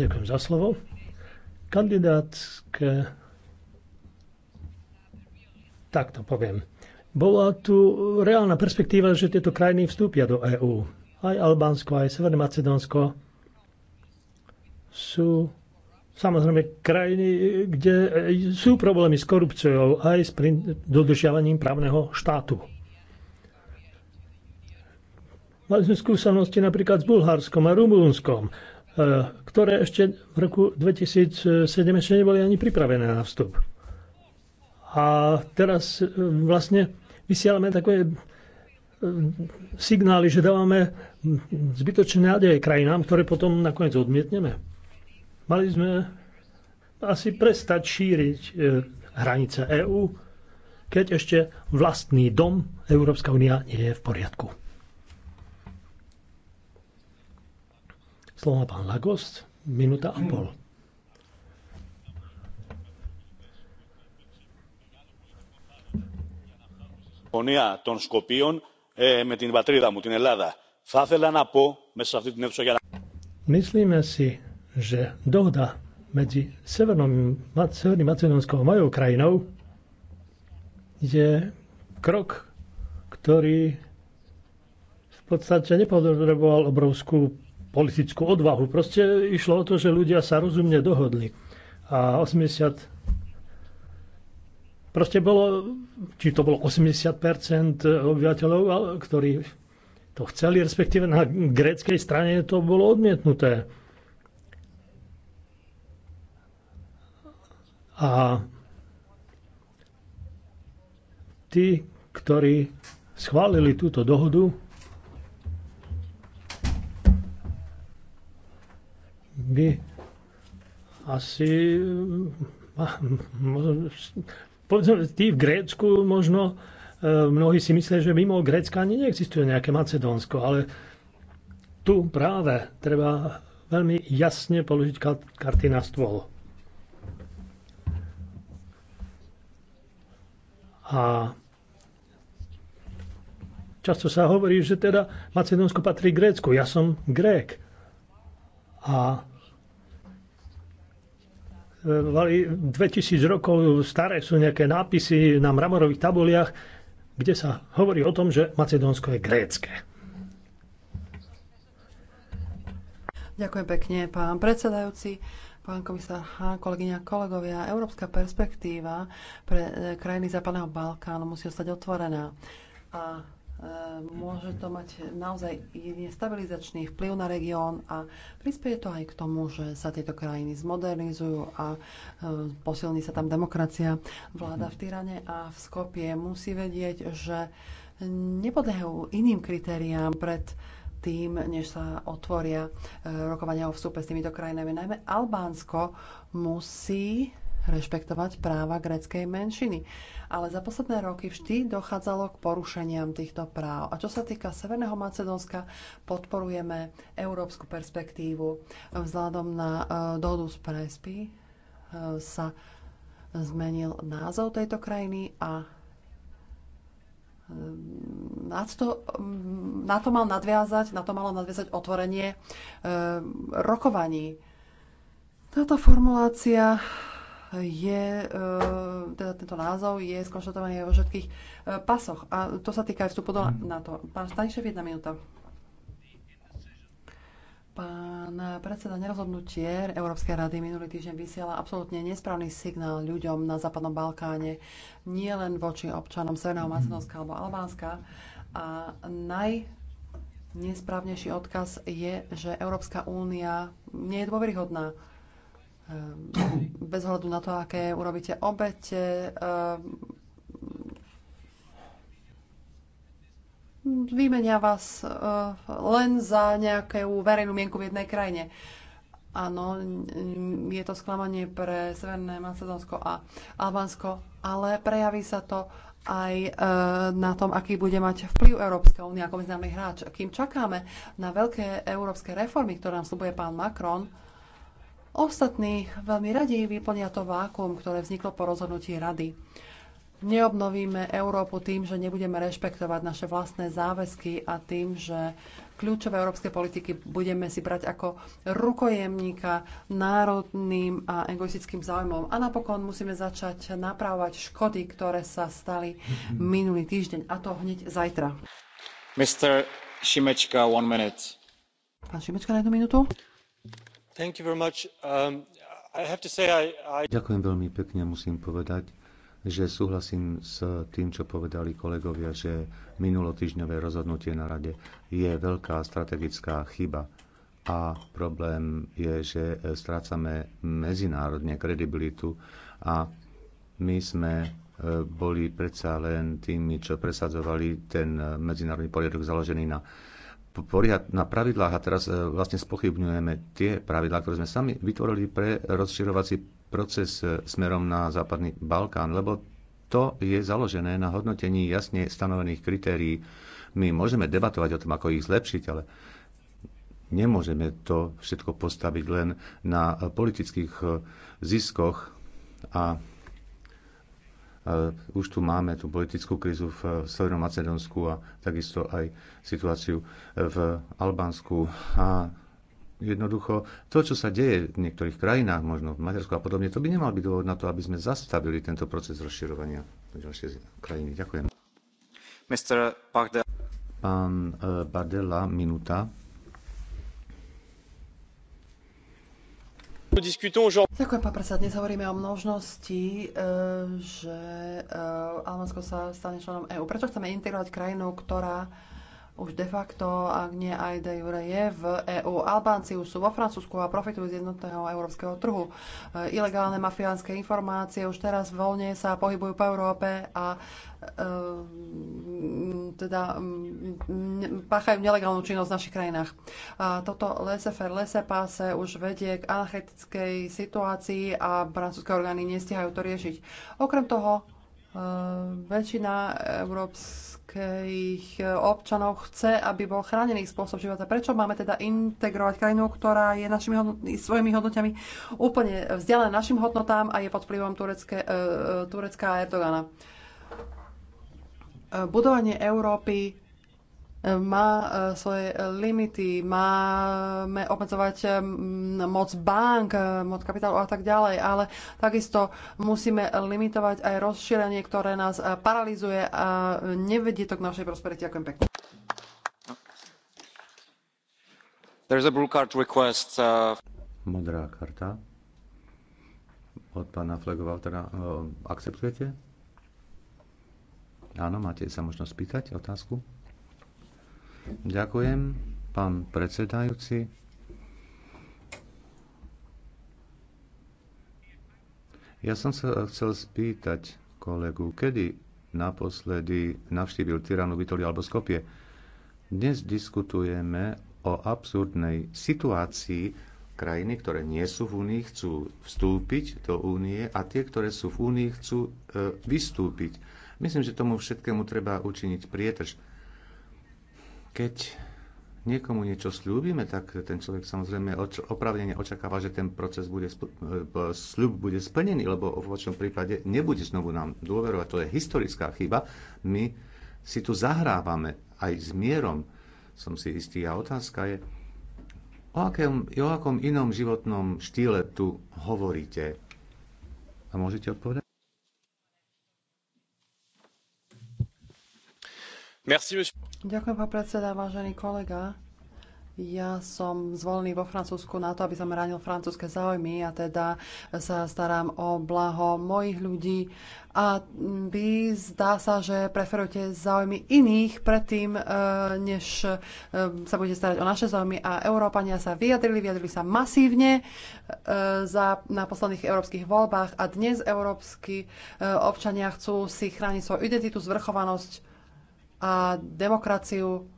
Ďakujem za slovo. Kandidátske... Tak to poviem bola tu reálna perspektíva, že tieto krajiny vstúpia do EÚ. Aj Albánsko, aj Severné Macedónsko sú samozrejme krajiny, kde sú problémy s korupciou aj s dodržiavaním právneho štátu. Mali sme skúsenosti napríklad s Bulharskom a Rumúnskom, e, ktoré ešte v roku 2007 ešte neboli ani pripravené na vstup. A teraz e, vlastne vysielame také e, signály, že dávame zbytočné nádeje krajinám, ktoré potom nakoniec odmietneme. Mali sme asi prestať šíriť e, hranice EÚ, keď ešte vlastný dom Európska únia nie je v poriadku. Slovo pán Lagost, minúta a pol. γωνία των Σκοπίων με την πατρίδα μου, την Ελλάδα. Θα ήθελα να πω μέσα σε αυτή την αίθουσα για να... Myslíme si, že dohoda medzi Severnom, Severným Macedónskou a mojou krajinou je krok, ktorý v podstate nepotreboval obrovskú politickú odvahu. Proste išlo o to, že ľudia sa rozumne dohodli. A 80 Proste bolo, či to bolo 80% obyvateľov, ktorí to chceli, respektíve na gréckej strane to bolo odmietnuté. A tí, ktorí schválili túto dohodu, by asi povedzme, tí v Grécku možno e, mnohí si myslia, že mimo Grécka ani neexistuje nejaké Macedónsko, ale tu práve treba veľmi jasne položiť karty na stôl. A často sa hovorí, že teda Macedónsko patrí Grécku. Ja som Grék. A 2000 rokov staré sú nejaké nápisy na mramorových tabuliach, kde sa hovorí o tom, že Macedónsko je grécké. Ďakujem pekne, pán predsedajúci. Pán komisár kolegyňa, kolegovia, európska perspektíva pre krajiny Západného Balkánu musí ostať otvorená. A Ehm, môže to mať naozaj jedine stabilizačný vplyv na región a prispieje to aj k tomu, že sa tieto krajiny zmodernizujú a ehm, posilní sa tam demokracia. Vláda v Tyrane a v Skopie musí vedieť, že nepodlehajú iným kritériám pred tým, než sa otvoria ehm, rokovania o vstupe s týmito krajinami. Najmä Albánsko musí rešpektovať práva gréckej menšiny. Ale za posledné roky vždy dochádzalo k porušeniam týchto práv. A čo sa týka Severného Macedónska, podporujeme európsku perspektívu. Vzhľadom na uh, dohodu z Prespy e, sa zmenil názov tejto krajiny a e, na to, na to mal nadviazať, na to malo nadviazať otvorenie e, rokovaní. Táto formulácia je, e, teda tento názov je skonštatovaný aj vo všetkých e, pasoch. A to sa týka aj vstupu do mhm. NATO. Pán Stanišev, jedna minúta. Pán predseda, nerozhodnutie Európskej rady minulý týždeň vysiela absolútne nesprávny signál ľuďom na Západnom Balkáne, nie len voči občanom Severného mhm. Macedónska alebo Albánska. A najnesprávnejší odkaz je, že Európska únia nie je dôveryhodná Ehm, bez hľadu na to, aké urobíte obete, ehm, vymenia vás eh, len za nejakú verejnú mienku v jednej krajine. Áno, je to sklamanie pre Severné Macedónsko a Albánsko, ale prejaví sa to aj eh, na tom, aký bude mať vplyv Európska únia ako medzinárodný hráč. Kým čakáme na veľké európske reformy, ktoré nám slúbuje pán Macron, Ostatní veľmi radi vyplnia to vákuum, ktoré vzniklo po rozhodnutí rady. Neobnovíme Európu tým, že nebudeme rešpektovať naše vlastné záväzky a tým, že kľúčové európske politiky budeme si brať ako rukojemníka národným a egoistickým záujmom. A napokon musíme začať napravovať škody, ktoré sa stali minulý týždeň, a to hneď zajtra. Mr. Šimečka, one minute. Pán Šimečka, na jednu minútu. Um, Ďakujem veľmi pekne, musím povedať, že súhlasím s tým, čo povedali kolegovia, že minulotýždňové rozhodnutie na rade je veľká strategická chyba. A problém je, že strácame medzinárodne kredibilitu a my sme e, boli predsa len tými, čo presadzovali ten e, medzinárodný poriadok založený na na pravidlách a teraz e, vlastne spochybňujeme tie pravidlá, ktoré sme sami vytvorili pre rozširovací proces e, smerom na západný Balkán, lebo to je založené na hodnotení jasne stanovených kritérií. My môžeme debatovať o tom, ako ich zlepšiť, ale nemôžeme to všetko postaviť len na politických e, ziskoch a Eh, už tu máme tú politickú krizu eh, v Severnom Macedónsku a takisto aj situáciu eh, v Albánsku. A jednoducho to, čo sa deje v niektorých krajinách, možno v Maďarsku a podobne, to by nemal byť dôvod na to, aby sme zastavili tento proces rozširovania ďalšie krajiny. Ďakujem. Mr. Pán Bardella, minúta. Ďakujem, pán predseda. Dnes hovoríme o množnosti, eh, že eh, Albánsko sa stane členom EÚ. Prečo chceme integrovať krajinu, ktorá už de facto, ak nie aj de jure, je v EÚ. Albánci už sú vo Francúzsku a profitujú z jednotného európskeho trhu. E, ilegálne mafiánske informácie už teraz voľne sa pohybujú po Európe a e, teda páchajú nelegálnu činnosť v našich krajinách. A toto lesefer faire laissez už vedie k anarchetickej situácii a francúzske orgány nestihajú to riešiť. Okrem toho, Eh, väčšina európskych občanov chce, aby bol chránený spôsob života. Prečo máme teda integrovať krajinu, ktorá je našimi svojimi hodnotami úplne vzdialená našim hodnotám a je pod vplyvom Turecké, eh, Turecka a Erdogana? Eh, budovanie Európy má e, svoje limity, máme obmedzovať e, moc bank, e, moc kapitálu a tak ďalej, ale takisto musíme limitovať aj rozšírenie, ktoré nás paralizuje a nevedie to k našej prosperite. Ďakujem pekne. There's a blue card request. Uh... Modrá karta od pána Flegovaltera. akceptujete? Áno, máte sa možnosť spýtať otázku. Ďakujem, pán predsedajúci. Ja som sa chcel spýtať kolegu, kedy naposledy navštívil Tyranu, Vitoli alebo Skopie. Dnes diskutujeme o absurdnej situácii krajiny, ktoré nie sú v Únii, chcú vstúpiť do Únie a tie, ktoré sú v Únii, chcú e, vystúpiť. Myslím, že tomu všetkému treba učiniť prietrž keď niekomu niečo slúbime, tak ten človek samozrejme opravnenie očakáva, že ten proces bude, slúb e, e, bude splnený, lebo v opačnom prípade nebude znovu nám dôverovať. To je historická chyba. My si tu zahrávame aj s mierom, som si istý. A otázka je, o akom, o akom inom životnom štýle tu hovoríte? A môžete odpovedať? Ďakujem, pán predseda, vážený kolega. Ja som zvolený vo Francúzsku na to, aby som ránil francúzske záujmy a teda sa starám o blaho mojich ľudí a mm, vy zdá sa, že preferujete záujmy iných predtým, e, než e, sa budete starať o naše záujmy a Európania sa vyjadrili, vyjadrili sa masívne e, za, na posledných európskych voľbách a dnes európsky občania chcú si chrániť svoju identitu, zvrchovanosť a demokraciu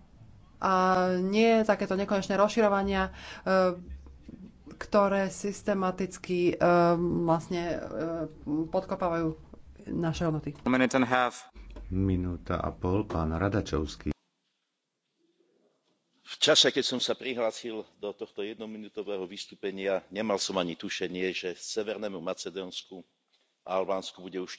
a nie takéto nekonečné rozširovania, e, ktoré systematicky e, vlastne e, podkopávajú naše hodnoty. Minúta a pol, pán Radačovský. V čase, keď som sa prihlásil do tohto jednominútového vystúpenia, nemal som ani tušenie, že Severnému Macedónsku a Albánsku bude už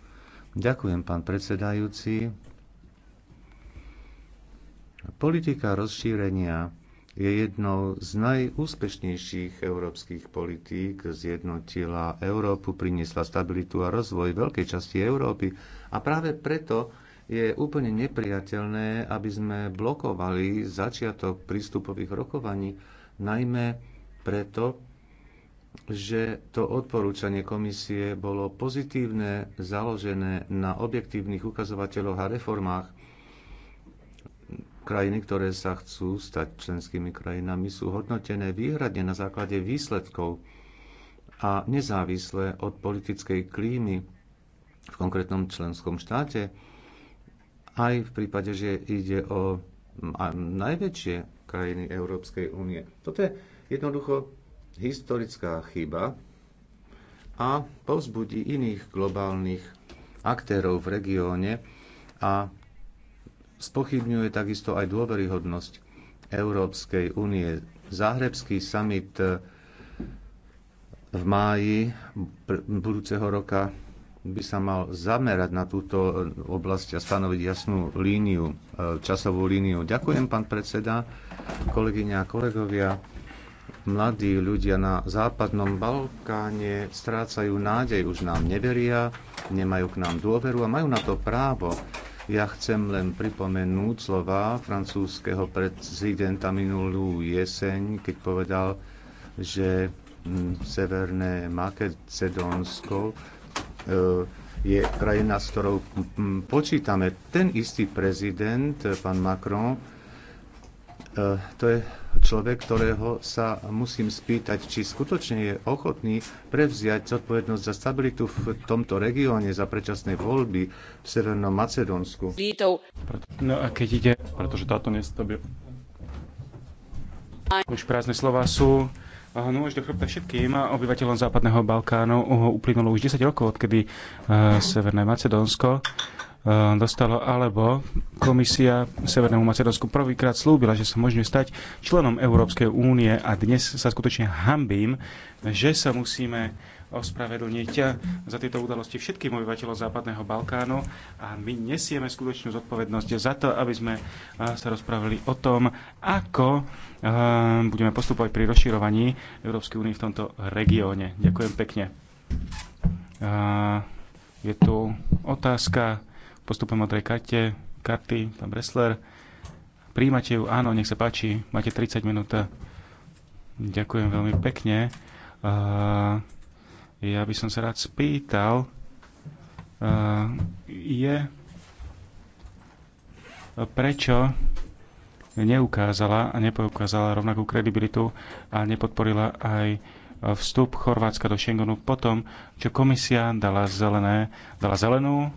Ďakujem, pán predsedajúci. Politika rozšírenia je jednou z najúspešnejších európskych politík, zjednotila Európu, priniesla stabilitu a rozvoj veľkej časti Európy a práve preto je úplne nepriateľné, aby sme blokovali začiatok prístupových rokovaní, najmä preto, že to odporúčanie komisie bolo pozitívne, založené na objektívnych ukazovateľoch a reformách. Krajiny, ktoré sa chcú stať členskými krajinami, sú hodnotené výhradne na základe výsledkov a nezávisle od politickej klímy v konkrétnom členskom štáte, aj v prípade, že ide o najväčšie krajiny Európskej únie. Toto je jednoducho historická chyba a povzbudí iných globálnych aktérov v regióne a spochybňuje takisto aj dôveryhodnosť Európskej únie. Záhrebský summit v máji budúceho roka by sa mal zamerať na túto oblasť a stanoviť jasnú líniu, e, časovú líniu. Ďakujem, pán predseda, kolegyňa a kolegovia. Mladí ľudia na západnom Balkáne strácajú nádej, už nám neveria, nemajú k nám dôveru a majú na to právo. Ja chcem len pripomenúť slova francúzského prezidenta minulú jeseň, keď povedal, že hm, Severné Makedonsko e, je krajina, s ktorou hm, počítame. Ten istý prezident, pán Macron, E, to je človek, ktorého sa musím spýtať, či skutočne je ochotný prevziať zodpovednosť za stabilitu v tomto regióne, za predčasné voľby v Severnom Macedónsku. No a keď ide, pretože táto nestabilita. Už prázdne slova sú nôž do chrbta všetkým obyvateľom Západného Balkánu. Uplynulo už 10 rokov, odkedy uh, Severné Macedónsko E, dostalo, alebo komisia Severnému Macedónsku prvýkrát slúbila, že sa môžeme stať členom Európskej únie a dnes sa skutočne hambím, že sa musíme ospravedlniť za tieto udalosti všetkým obyvateľom Západného Balkánu a my nesieme skutočnú zodpovednosť za to, aby sme e, sa rozprávali o tom, ako e, budeme postupovať pri rozširovaní Európskej únie v tomto regióne. Ďakujem pekne. Je tu otázka postupom modrej karte, karty, pán Bresler. Príjmate ju, áno, nech sa páči, máte 30 minút. Ďakujem veľmi pekne. Uh, ja by som sa rád spýtal, uh, je prečo neukázala a nepoukázala rovnakú kredibilitu a nepodporila aj vstup Chorvátska do Schengenu potom, čo komisia dala, zelené, dala zelenú